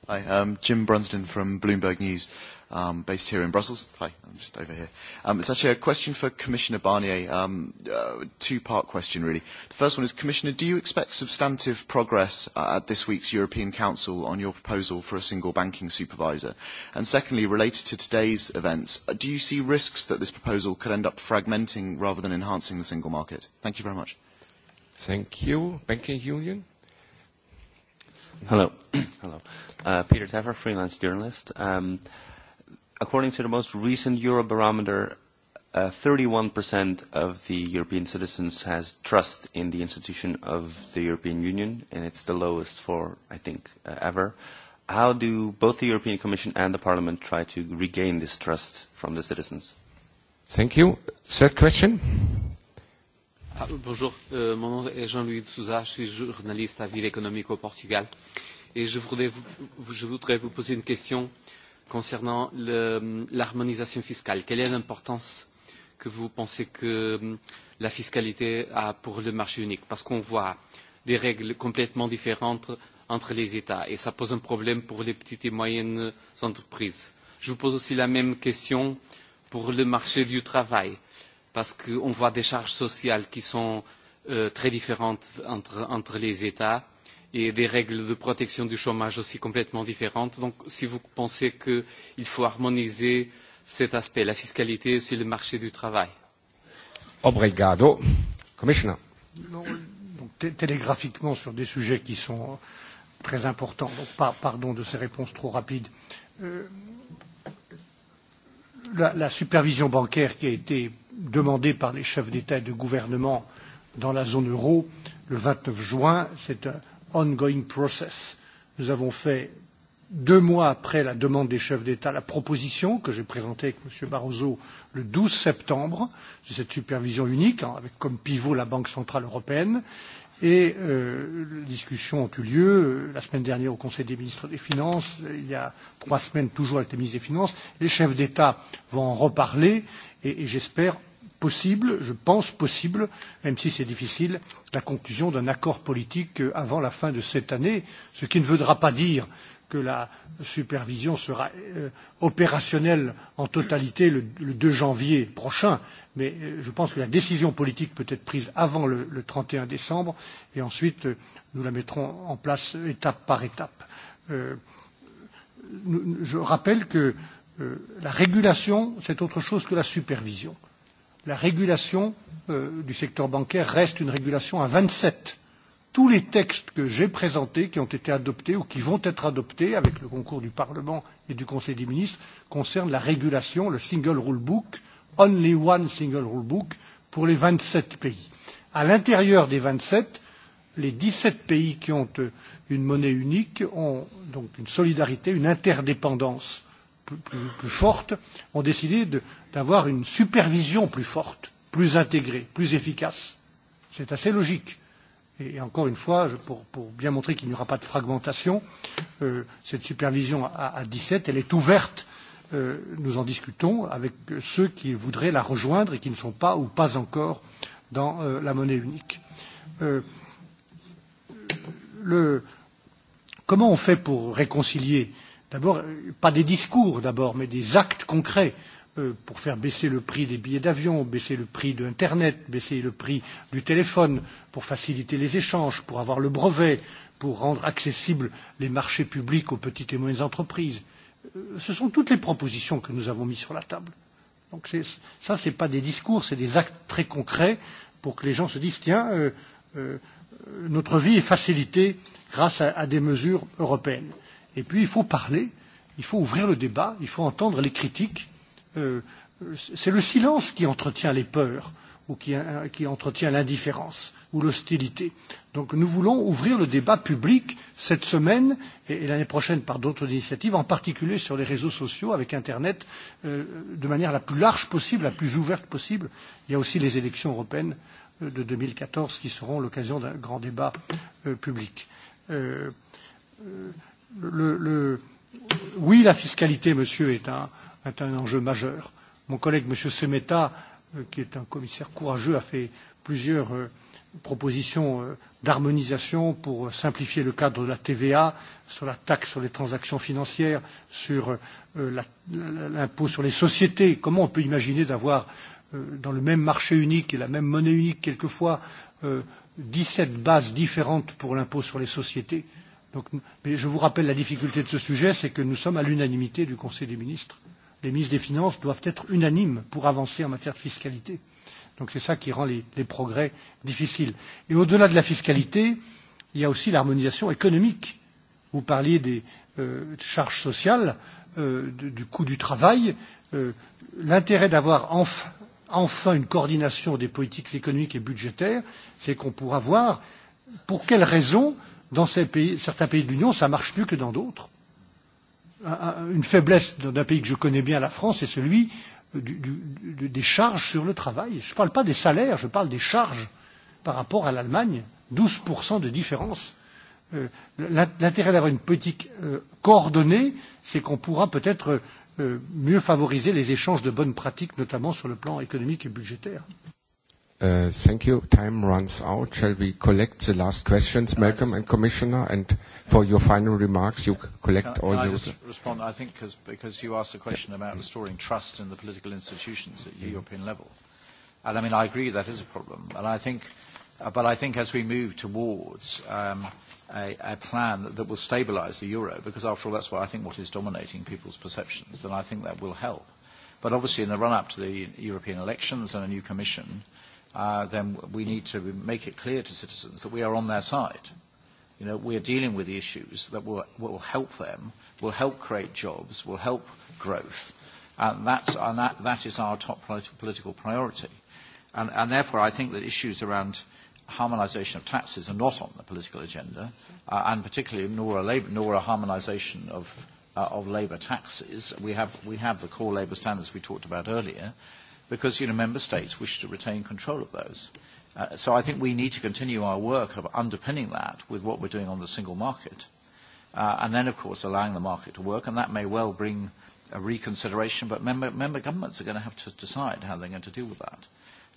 Hi, I'm um, Jim Brunsden from Bloomberg News um, based here in Brussels. Hi, I'm just over here. Um, it's actually a question for Commissioner Barnier, um, uh, two-part question really. The first one is, Commissioner, do you expect substantive progress uh, at this week's European Council on your proposal for a single banking supervisor? And secondly, related to today's events, uh, do you see risks that this proposal could end up fragmenting rather than enhancing the single market? Thank you very much. Thank you. Banking Union? Hello. [clears throat] Hello. Uh, Peter Taffer, freelance journalist. Um, uh, according to the most recent Eurobarometer, uh, 31% of the European citizens has trust in the institution of the European Union, and it's the lowest for, I think, uh, ever. How do both the European Commission and the Parliament try to regain this trust from the citizens? Thank you. Third question. Ah, bonjour, euh, mon nom est Jean-Louis de Souza, je suis journaliste à Ville économique au Portugal. Et je voudrais vous, je voudrais vous poser une question euh, concernant l'harmonisation fiscale. Quelle est l'importance que vous pensez que la fiscalité a pour le marché unique Parce qu'on voit des règles complètement différentes entre les États et ça pose un problème pour les petites et moyennes entreprises. Je vous pose aussi la même question pour le marché du travail parce qu'on voit des charges sociales qui sont euh, très différentes entre, entre les États et des règles de protection du chômage aussi complètement différentes. Donc, si vous pensez qu'il faut harmoniser cet aspect, la fiscalité et aussi le marché du travail. Obrigado. Commissioner. Non, euh, donc, télégraphiquement sur des sujets qui sont euh, très importants, donc par, pardon de ces réponses trop rapides. Euh, la, la supervision bancaire qui a été demandée par les chefs d'État et de gouvernement dans la zone euro le 29 juin, c'est un, ongoing process. Nous avons fait, deux mois après la demande des chefs d'État, la proposition que j'ai présentée avec M. Barroso le 12 septembre de cette supervision unique, avec comme pivot la Banque centrale européenne. Et euh, les discussions ont eu lieu euh, la semaine dernière au Conseil des ministres des Finances, euh, il y a trois semaines toujours avec les ministres des Finances. Les chefs d'État vont en reparler et, et j'espère possible, je pense possible, même si c'est difficile, la conclusion d'un accord politique avant la fin de cette année, ce qui ne voudra pas dire que la supervision sera euh, opérationnelle en totalité le, le 2 janvier prochain, mais euh, je pense que la décision politique peut être prise avant le, le 31 décembre et ensuite euh, nous la mettrons en place étape par étape. Euh, nous, je rappelle que euh, la régulation, c'est autre chose que la supervision. Euh, la régulation euh, du secteur bancaire reste une régulation à 27. Tous les textes que j'ai présentés, qui ont été adoptés ou qui vont être adoptés avec le concours du Parlement et du Conseil des ministres, concernent la régulation, le single rule book, only one single rule book pour les 27 pays. À l'intérieur des 27, les 17 pays qui ont euh, une monnaie unique ont donc une solidarité, une interdépendance plus, plus, plus forte, ont décidé de d'avoir une supervision plus forte, plus intégrée, plus efficace. C'est assez logique. Et encore une fois, pour, pour bien montrer qu'il n'y aura pas de fragmentation, euh, cette supervision à, à 17, elle est ouverte. Euh, nous en discutons avec ceux qui voudraient la rejoindre et qui ne sont pas ou pas encore dans euh, la monnaie unique. Euh, le, comment on fait pour réconcilier D'abord, pas des discours d'abord, mais des actes concrets. Euh, pour faire baisser le prix des billets d'avion, baisser le prix de l'Internet, baisser le prix du téléphone, pour faciliter les échanges, pour avoir le brevet, pour rendre accessibles les marchés publics aux petites et moyennes entreprises. Euh, ce sont toutes les propositions que nous avons mises sur la table. Donc ça, ce n'est pas des discours, c'est des actes très concrets pour que les gens se disent tiens, euh, euh, notre vie est facilitée grâce à, à des mesures européennes. Et puis il faut parler, il faut ouvrir le débat, il faut entendre les critiques euh, c'est le silence qui entretient les peurs ou qui, euh, qui entretient l'indifférence ou l'hostilité. Donc nous voulons ouvrir le débat public cette semaine et, et l'année prochaine par d'autres initiatives, en particulier sur les réseaux sociaux, avec Internet, euh, de manière la plus large possible, la plus ouverte possible. Il y a aussi les élections européennes euh, de 2014 qui seront l'occasion d'un grand débat euh, public. Euh, euh le, le, oui, la fiscalité, monsieur, est un, euh, est un enjeu majeur. Mon collègue M. Semeta, euh, qui est un commissaire courageux, a fait plusieurs euh, propositions euh, d'harmonisation pour euh, simplifier le cadre de la TVA, sur la taxe sur les transactions financières, sur euh, euh l'impôt sur les sociétés. Comment on peut imaginer d'avoir euh, dans le même marché unique et la même monnaie unique quelquefois euh, 17 bases différentes pour l'impôt sur les sociétés Donc, mais je vous rappelle la difficulté de ce sujet, c'est que nous sommes à l'unanimité du Conseil des ministres. Euh, les ministres des Finances doivent être unanimes pour avancer en matière de fiscalité. Donc c'est ça qui rend les, les progrès difficiles. Et au-delà de la fiscalité, il y a aussi l'harmonisation économique. Vous parliez des euh, charges sociales, euh, du, du coût du travail. Euh, L'intérêt d'avoir enfin, enfin une coordination des politiques économiques et budgétaires, c'est qu'on pourra voir pour quelles raisons dans ces pays, certains pays de l'Union ça marche mieux que dans d'autres une faiblesse d'un pays que je connais bien, la France, c'est celui euh, du, du, des charges sur le travail. Je ne parle pas des salaires, je parle des charges par rapport à l'Allemagne. 12% de différence. Euh, L'intérêt d'avoir une politique euh, coordonnée, c'est qu'on pourra peut-être euh, mieux favoriser les échanges de bonnes pratiques, notamment sur le plan économique et budgétaire. Uh, thank you. Time runs out. Shall we collect the last questions, uh, Malcolm and Commissioner? And for your final remarks, you collect can, all can those. I just respond, I think, cause, because you asked the question yeah. about restoring trust in the political institutions at mm-hmm. European level. And I mean, I agree that is a problem. And I think, uh, but I think as we move towards um, a, a plan that, that will stabilize the euro, because after all, that's what I think what is dominating people's perceptions, then I think that will help. But obviously, in the run-up to the European elections and a new commission, uh, uh, then we need to make it clear to citizens that we are on their side. You know, we are dealing with issues that will, will help them, will help create jobs, will help growth. And, that's, and that, that is our top politi political priority. And, and therefore, I think that issues around harmonisation of taxes are not on the political agenda, uh, and particularly nor a, labor, nor a harmonisation of, uh, of labour taxes. We have, we have the core labour standards we talked about earlier, because you know, member states wish to retain control of those. Uh, so I think we need to continue our work of underpinning that with what we're doing on the single market. Uh, and then, of course, allowing the market to work, and that may well bring a reconsideration, but member, member governments are going to have to decide how they're going to deal with that.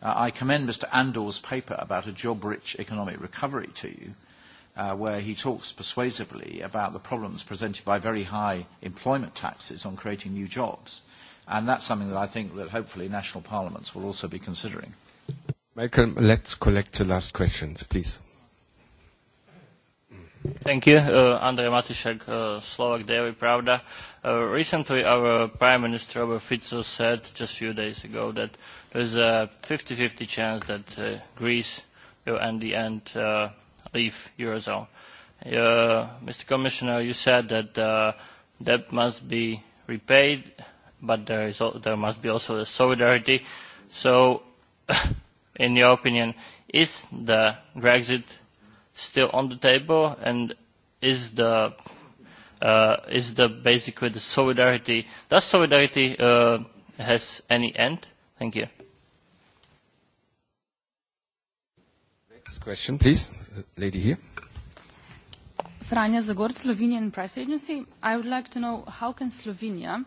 Uh, I commend Mr. Andor's paper about a job-rich economic recovery to you, uh, where he talks persuasively about the problems presented by very high employment taxes on creating new jobs. Uh, And that's something that I think that hopefully national parliaments will also be considering. Malcolm, let's collect the last questions, please. Thank you. Uh, Andrej Matišek, uh, Slovak Daily Pravda. Uh, recently, our Prime Minister Robert Fico said just a few days ago that there's a 50-50 chance that uh, Greece will, in the end, uh, leave Eurozone. Uh, Mr. Commissioner, you said that uh, debt must be repaid but there, is, there must be also a solidarity. So, [laughs] in your opinion, is the Brexit still on the table, and is the uh, is the basically the solidarity does solidarity uh, has any end? Thank you. Next question, please, lady here. Franja Zagor, Slovenian Press Agency. I would like to know how can Slovenia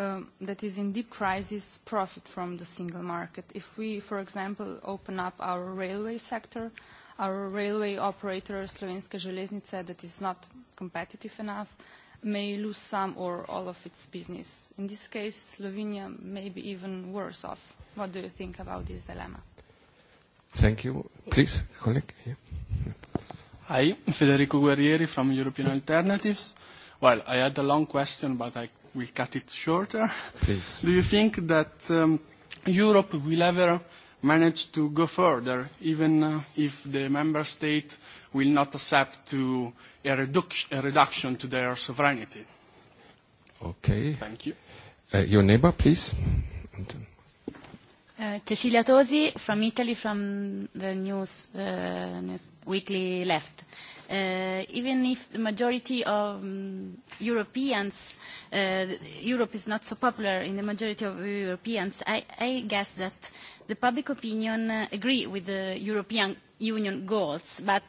uh, that is in deep crisis profit from the single market. If we, for example, open up our railway sector, our railway operator, Slovenska železnica, that is not competitive enough, may lose some or all of its business. In this case, Slovenia may be even worse off. What do you think about this dilemma? Thank you. Please, colleague. Yeah. Hi, Federico Guerrieri from European Alternatives. Well, I had a long question, but I we'll cut it shorter. Please. Do you think that um, Europe will ever manage to go further, even uh, if the member state will not accept to a, reduc- a reduction to their sovereignty? Okay. Thank you. Uh, your neighbor, please. Uh, Cecilia Tosi from Italy, from the news, uh, news weekly left. Uh, uh, even if the majority of um, Europeans, uh, Europe is not so popular in the majority of Europeans, I, I guess that the public opinion uh, agree with the European Union goals, but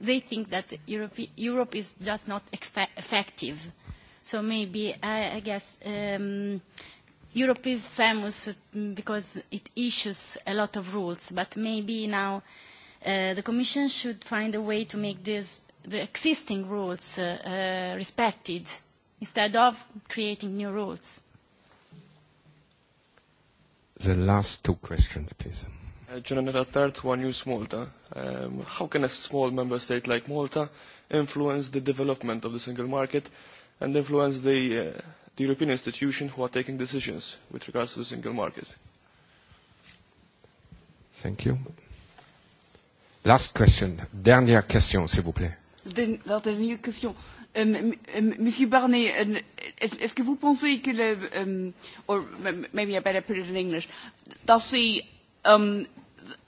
they think that Europe, Europe is just not effective. So maybe, I, I guess, um, Europe is famous uh, because it issues a lot of rules, but maybe now uh, Uh, the Commission should find a way to make this, the existing rules uh, uh, respected instead of creating new rules. The last two questions, please. Uh, General Tart, One News Malta. Um, how can a small member state like Malta influence the development of the single market and influence the, uh, the European institution who are taking decisions with regards to the single market? Thank you. Last question. Dernière question, s'il vous plaît. Dans dernière question. Um, um, Monsieur Barnier, um, euh, est-ce que vous pensez que le, um, or maybe I better put it in English, that the, um,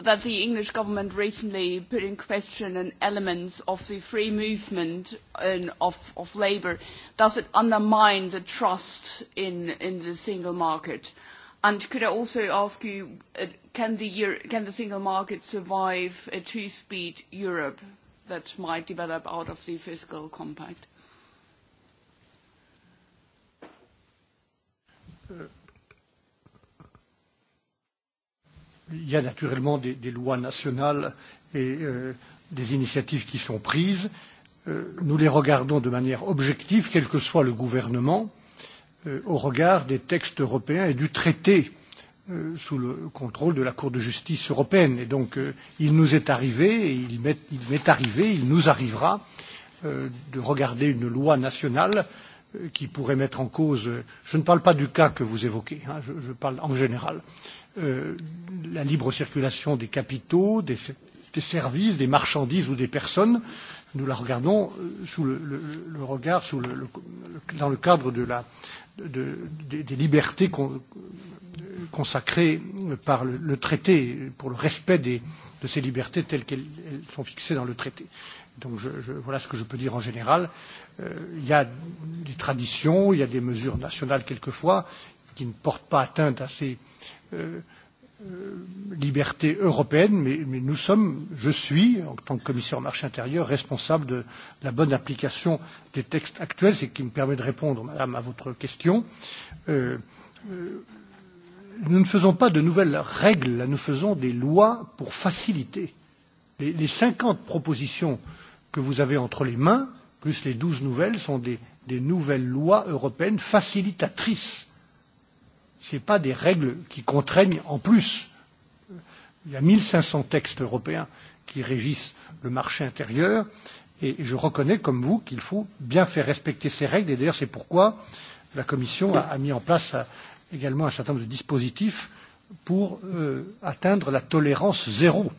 that the English government recently put in question an element of the free movement and of, of labour, does it undermine the trust in, in the single market? Uh, And could I also ask you, uh, can, the Euro- can the single market survive a two-speed Europe that might develop out of the fiscal compact? Il y a naturellement des, des lois nationales et euh, des initiatives qui sont prises. Euh, nous les regardons de manière objective, quel que soit le gouvernement. Euh, euh, au regard des textes européens et du traité euh, sous le contrôle de la Cour de justice européenne. Et donc, euh, il nous est arrivé, et il m'est, il m'est arrivé, il nous arrivera euh, de regarder une loi nationale euh, qui pourrait mettre en cause, euh, je ne parle pas du cas que vous évoquez, hein, je, je parle en général, euh, la libre circulation des capitaux, des, des services, des marchandises ou des personnes, nous la regardons euh, sous le, le, le regard, sous le, le, dans le cadre de la de, de, des libertés con, consacrées par le, le traité, pour le respect des, de ces libertés telles qu'elles sont fixées dans le traité. Donc je, je, voilà ce que je peux dire en général. Euh, il y a des traditions, il y a des mesures nationales quelquefois qui ne portent pas atteinte à ces euh, Euh, liberté européenne, mais, mais nous sommes, je suis, en tant que commissaire au marché intérieur, responsable de la bonne application des textes actuels, ce qui me permet de répondre, madame, à votre question. Euh, euh, nous ne faisons pas de nouvelles règles, là, nous faisons des lois pour faciliter. Les, les 50 propositions que vous avez entre les mains, plus les 12 nouvelles, sont des, des nouvelles lois européennes facilitatrices ce n'est pas des règles qui contraignent en plus. Il y a 1500 textes européens qui régissent le marché intérieur et je reconnais comme vous qu'il faut bien faire respecter ces règles et d'ailleurs c'est pourquoi la Commission a, a mis en place a, euh, également un certain nombre de dispositifs pour euh, atteindre la tolérance zéro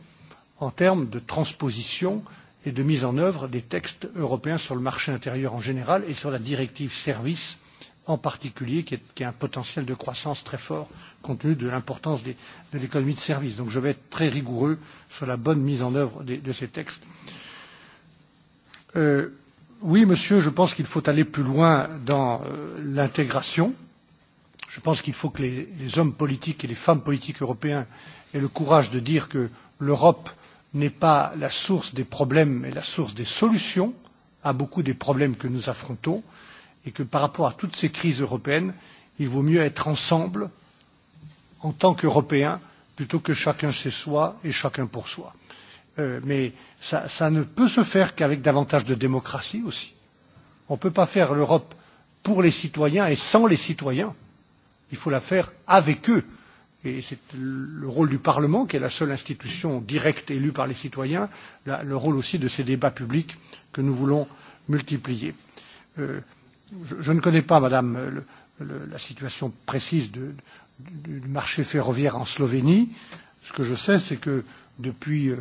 en termes de transposition et de mise en œuvre des textes européens sur le marché intérieur en général et sur la directive service en particulier, qui, est, qui a un potentiel de croissance très fort compte tenu de l'importance des, de l'économie de services. Donc je vais être très rigoureux sur la bonne mise en œuvre des, de ces textes. Euh, oui, monsieur, je pense qu'il faut aller plus loin dans euh, l'intégration. Je pense qu'il faut que les, les hommes politiques et les femmes politiques européens aient le courage de dire que l'Europe n'est pas la source des problèmes, mais la source des solutions à beaucoup des problèmes que nous affrontons. Euh, et que par rapport à toutes ces crises européennes, il vaut mieux être ensemble en tant qu'Européens plutôt que chacun chez soi et chacun pour soi. Euh, mais ça, ça ne peut se faire qu'avec davantage de démocratie aussi. On ne peut pas faire l'Europe pour les citoyens et sans les citoyens. Il faut la faire avec eux. Et c'est le rôle du Parlement, qui est la seule institution directe élue par les citoyens, la, le rôle aussi de ces débats publics que nous voulons multiplier. Euh, je, je ne connais pas, Madame, le, le, la situation précise de, du, du marché ferroviaire en Slovénie. Ce que je sais, c'est que depuis euh,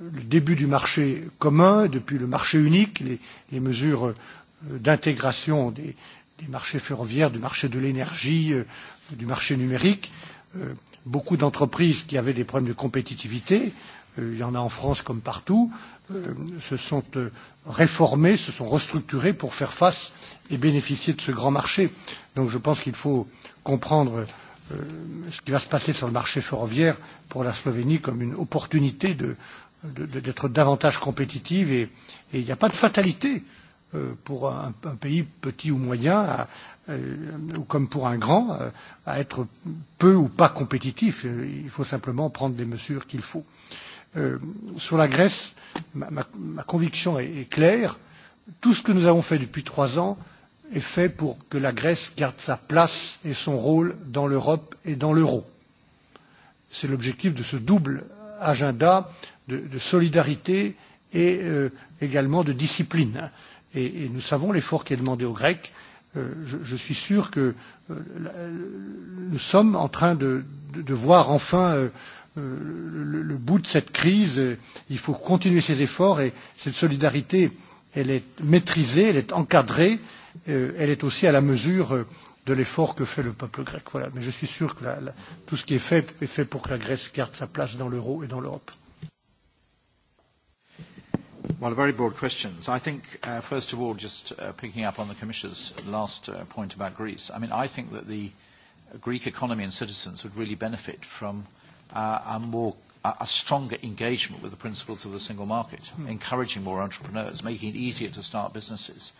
le début du marché commun, depuis le marché unique, les, les mesures euh, d'intégration des, des marchés ferroviaires, du marché de l'énergie, euh, du marché numérique, euh, beaucoup d'entreprises qui avaient des problèmes de compétitivité, euh, il y en a en France comme partout, euh, se sont euh, réformées, se sont restructurées pour faire face et bénéficier de ce grand marché. Donc je pense qu'il faut comprendre euh, ce qui va se passer sur le marché ferroviaire pour la Slovénie comme une opportunité de, de, de, d'être davantage compétitive et, et il n'y a pas de fatalité euh, pour un, un pays petit ou moyen à, euh, ou comme pour un grand euh, à être peu ou pas compétitif. Il faut simplement prendre les mesures qu'il faut. Euh, sur la Grèce, ma, ma, ma conviction est, est claire. Tout ce que nous avons fait depuis trois ans euh, est fait pour que la Grèce garde sa place et son rôle dans l'Europe et dans l'euro. C'est l'objectif de ce double agenda de, de solidarité et euh, également de discipline. Et, et nous savons l'effort qui est demandé aux Grecs. Euh, je, je suis sûr que euh, la, nous sommes en train de, de, de voir enfin euh, euh, le, le bout de cette crise. Il faut continuer ces efforts et cette solidarité, elle est maîtrisée, elle est encadrée euh, elle est aussi à la mesure euh, de l'effort que fait le peuple grec. Voilà. Mais je suis sûr que la, la, tout ce qui est fait est fait pour que la Grèce garde sa place dans l'euro et dans l'Europe. Well, very broad questions. I think, uh, first of all, just uh, picking up on the Commissioner's last uh, point about Greece, I mean, I think that the Greek economy and citizens would really benefit from uh, a more a, a stronger engagement with the principles of the single market, hmm. encouraging more entrepreneurs, making it easier to start businesses,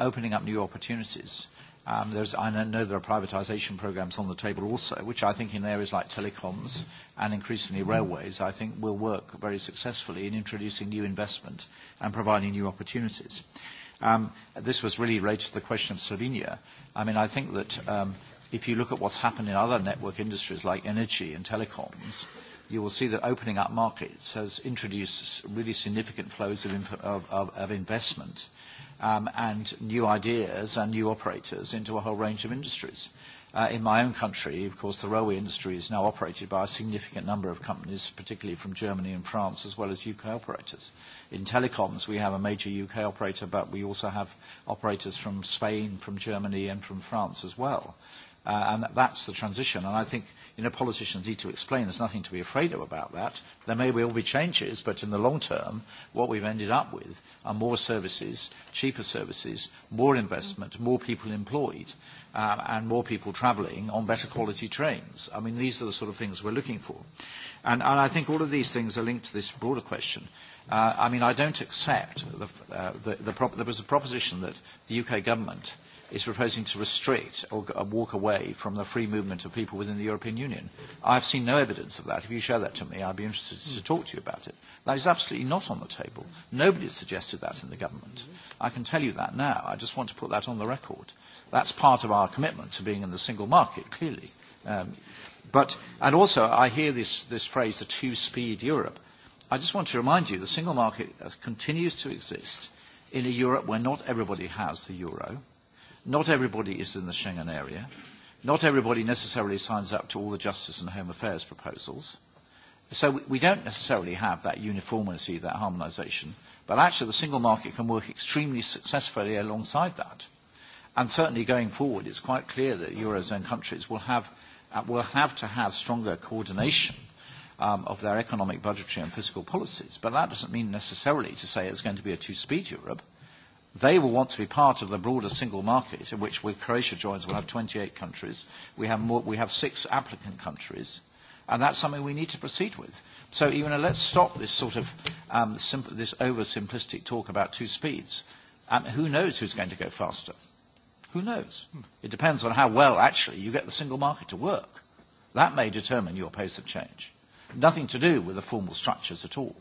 opening up new opportunities. Um, there's, I know there are privatization programs on the table also, which I think in areas like telecoms and increasingly hmm. railways, I think will work very successfully in introducing new investment and providing new opportunities. Um, this was really related to the question of Slovenia. I mean, I think that um, if you look at what's happened in other network industries like energy and telecoms, you will see that opening up markets has introduced really significant flows of, of, of, of investment um, and new ideas and new operators into a whole range of industries. Uh, in my own country, of course, the railway industry is now operated by a significant number of companies, particularly from Germany and France, as well as UK operators. In telecoms, we have a major UK operator, but we also have operators from Spain, from Germany, and from France as well. Uh, and that, that's the transition. And I think you know, politicians need to explain there's nothing to be afraid of about that. There may well be changes, but in the long term, what we've ended up with are more services, cheaper services, more investment, more people employed, uh, and more people travelling on better quality trains. I mean, these are the sort of things we're looking for. And, and I think all of these things are linked to this broader question. Uh, I mean, I don't accept the, uh, the, the prop- there was a proposition that the UK government is proposing to restrict or uh, walk away from the free movement of people within the European Union. I've seen no evidence of that. If you show that to me, I'd be interested to hmm. talk to you about it. That is absolutely not on the table. Nobody has suggested that in the government. I can tell you that now. I just want to put that on the record. That's part of our commitment to being in the single market, clearly. Um, but, and also, I hear this, this phrase, the two-speed Europe. I just want to remind you, the single market uh, continues to exist in a Europe where not everybody has the euro Not everybody is in the Schengen area. Not everybody necessarily signs up to all the justice and home affairs proposals. So we, we don't necessarily have that uniformity, that harmonisation. But actually, the single market can work extremely successfully alongside that. And certainly going forward, it's quite clear that Eurozone countries will have, uh, will have to have stronger coordination um, of their economic, budgetary and fiscal policies. But that doesn't mean necessarily to say it's going to be a two-speed Europe. They will want to be part of the broader single market, in which when Croatia joins, we'll have 28 countries. We have, more, we have six applicant countries, and that's something we need to proceed with. So, you know, let's stop this sort of um, simp- this oversimplistic talk about two speeds. Um, who knows who's going to go faster? Who knows? Hmm. It depends on how well, actually, you get the single market to work. That may determine your pace of change. Nothing to do with the formal structures at all.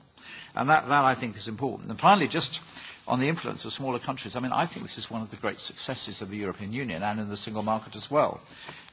And that, that I think, is important. And finally, just on the influence of smaller countries. I mean, I think this is one of the great successes of the European Union and in the single market as well.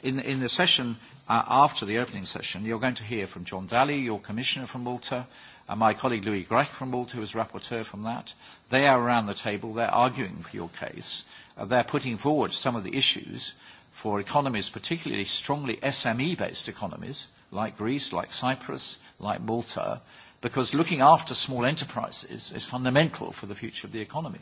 In, in the session uh, after the opening session, you're going to hear from John Daly, your commissioner from Malta, uh, my colleague Louis Grech from Malta, who is rapporteur from that. They are around the table. They're arguing for your case. Uh, they're putting forward some of the issues for economies, particularly strongly SME-based economies, like Greece, like Cyprus, like Malta, because looking after small enterprises is fundamental for the future of the economy.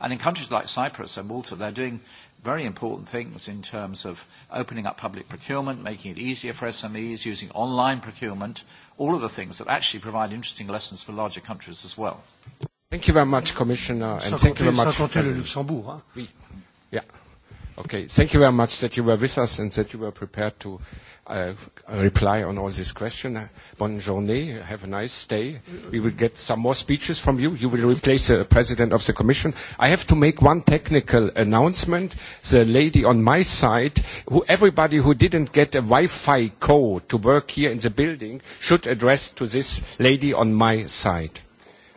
And in countries like Cyprus and Malta, they're doing very important things in terms of opening up public procurement, making it easier for SMEs, using online procurement, all of the things that actually provide interesting lessons for larger countries as well. Thank you very much, Commissioner, and sans thank compter, you very much. Sans compter le Luxembourg. Hein? Oui. Yeah. Okay. Thank you very much that you were with us and that you were prepared to uh, uh, reply on all these questions. Bonne journée. Have a nice day. We will get some more speeches from you. You will replace the president of the commission. I have to make one technical announcement. The lady on my side, who everybody who didn't get a Wi-Fi code to work here in the building should address to this lady on my side.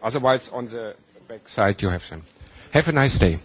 Otherwise, on the back side, you have them. Have a nice day.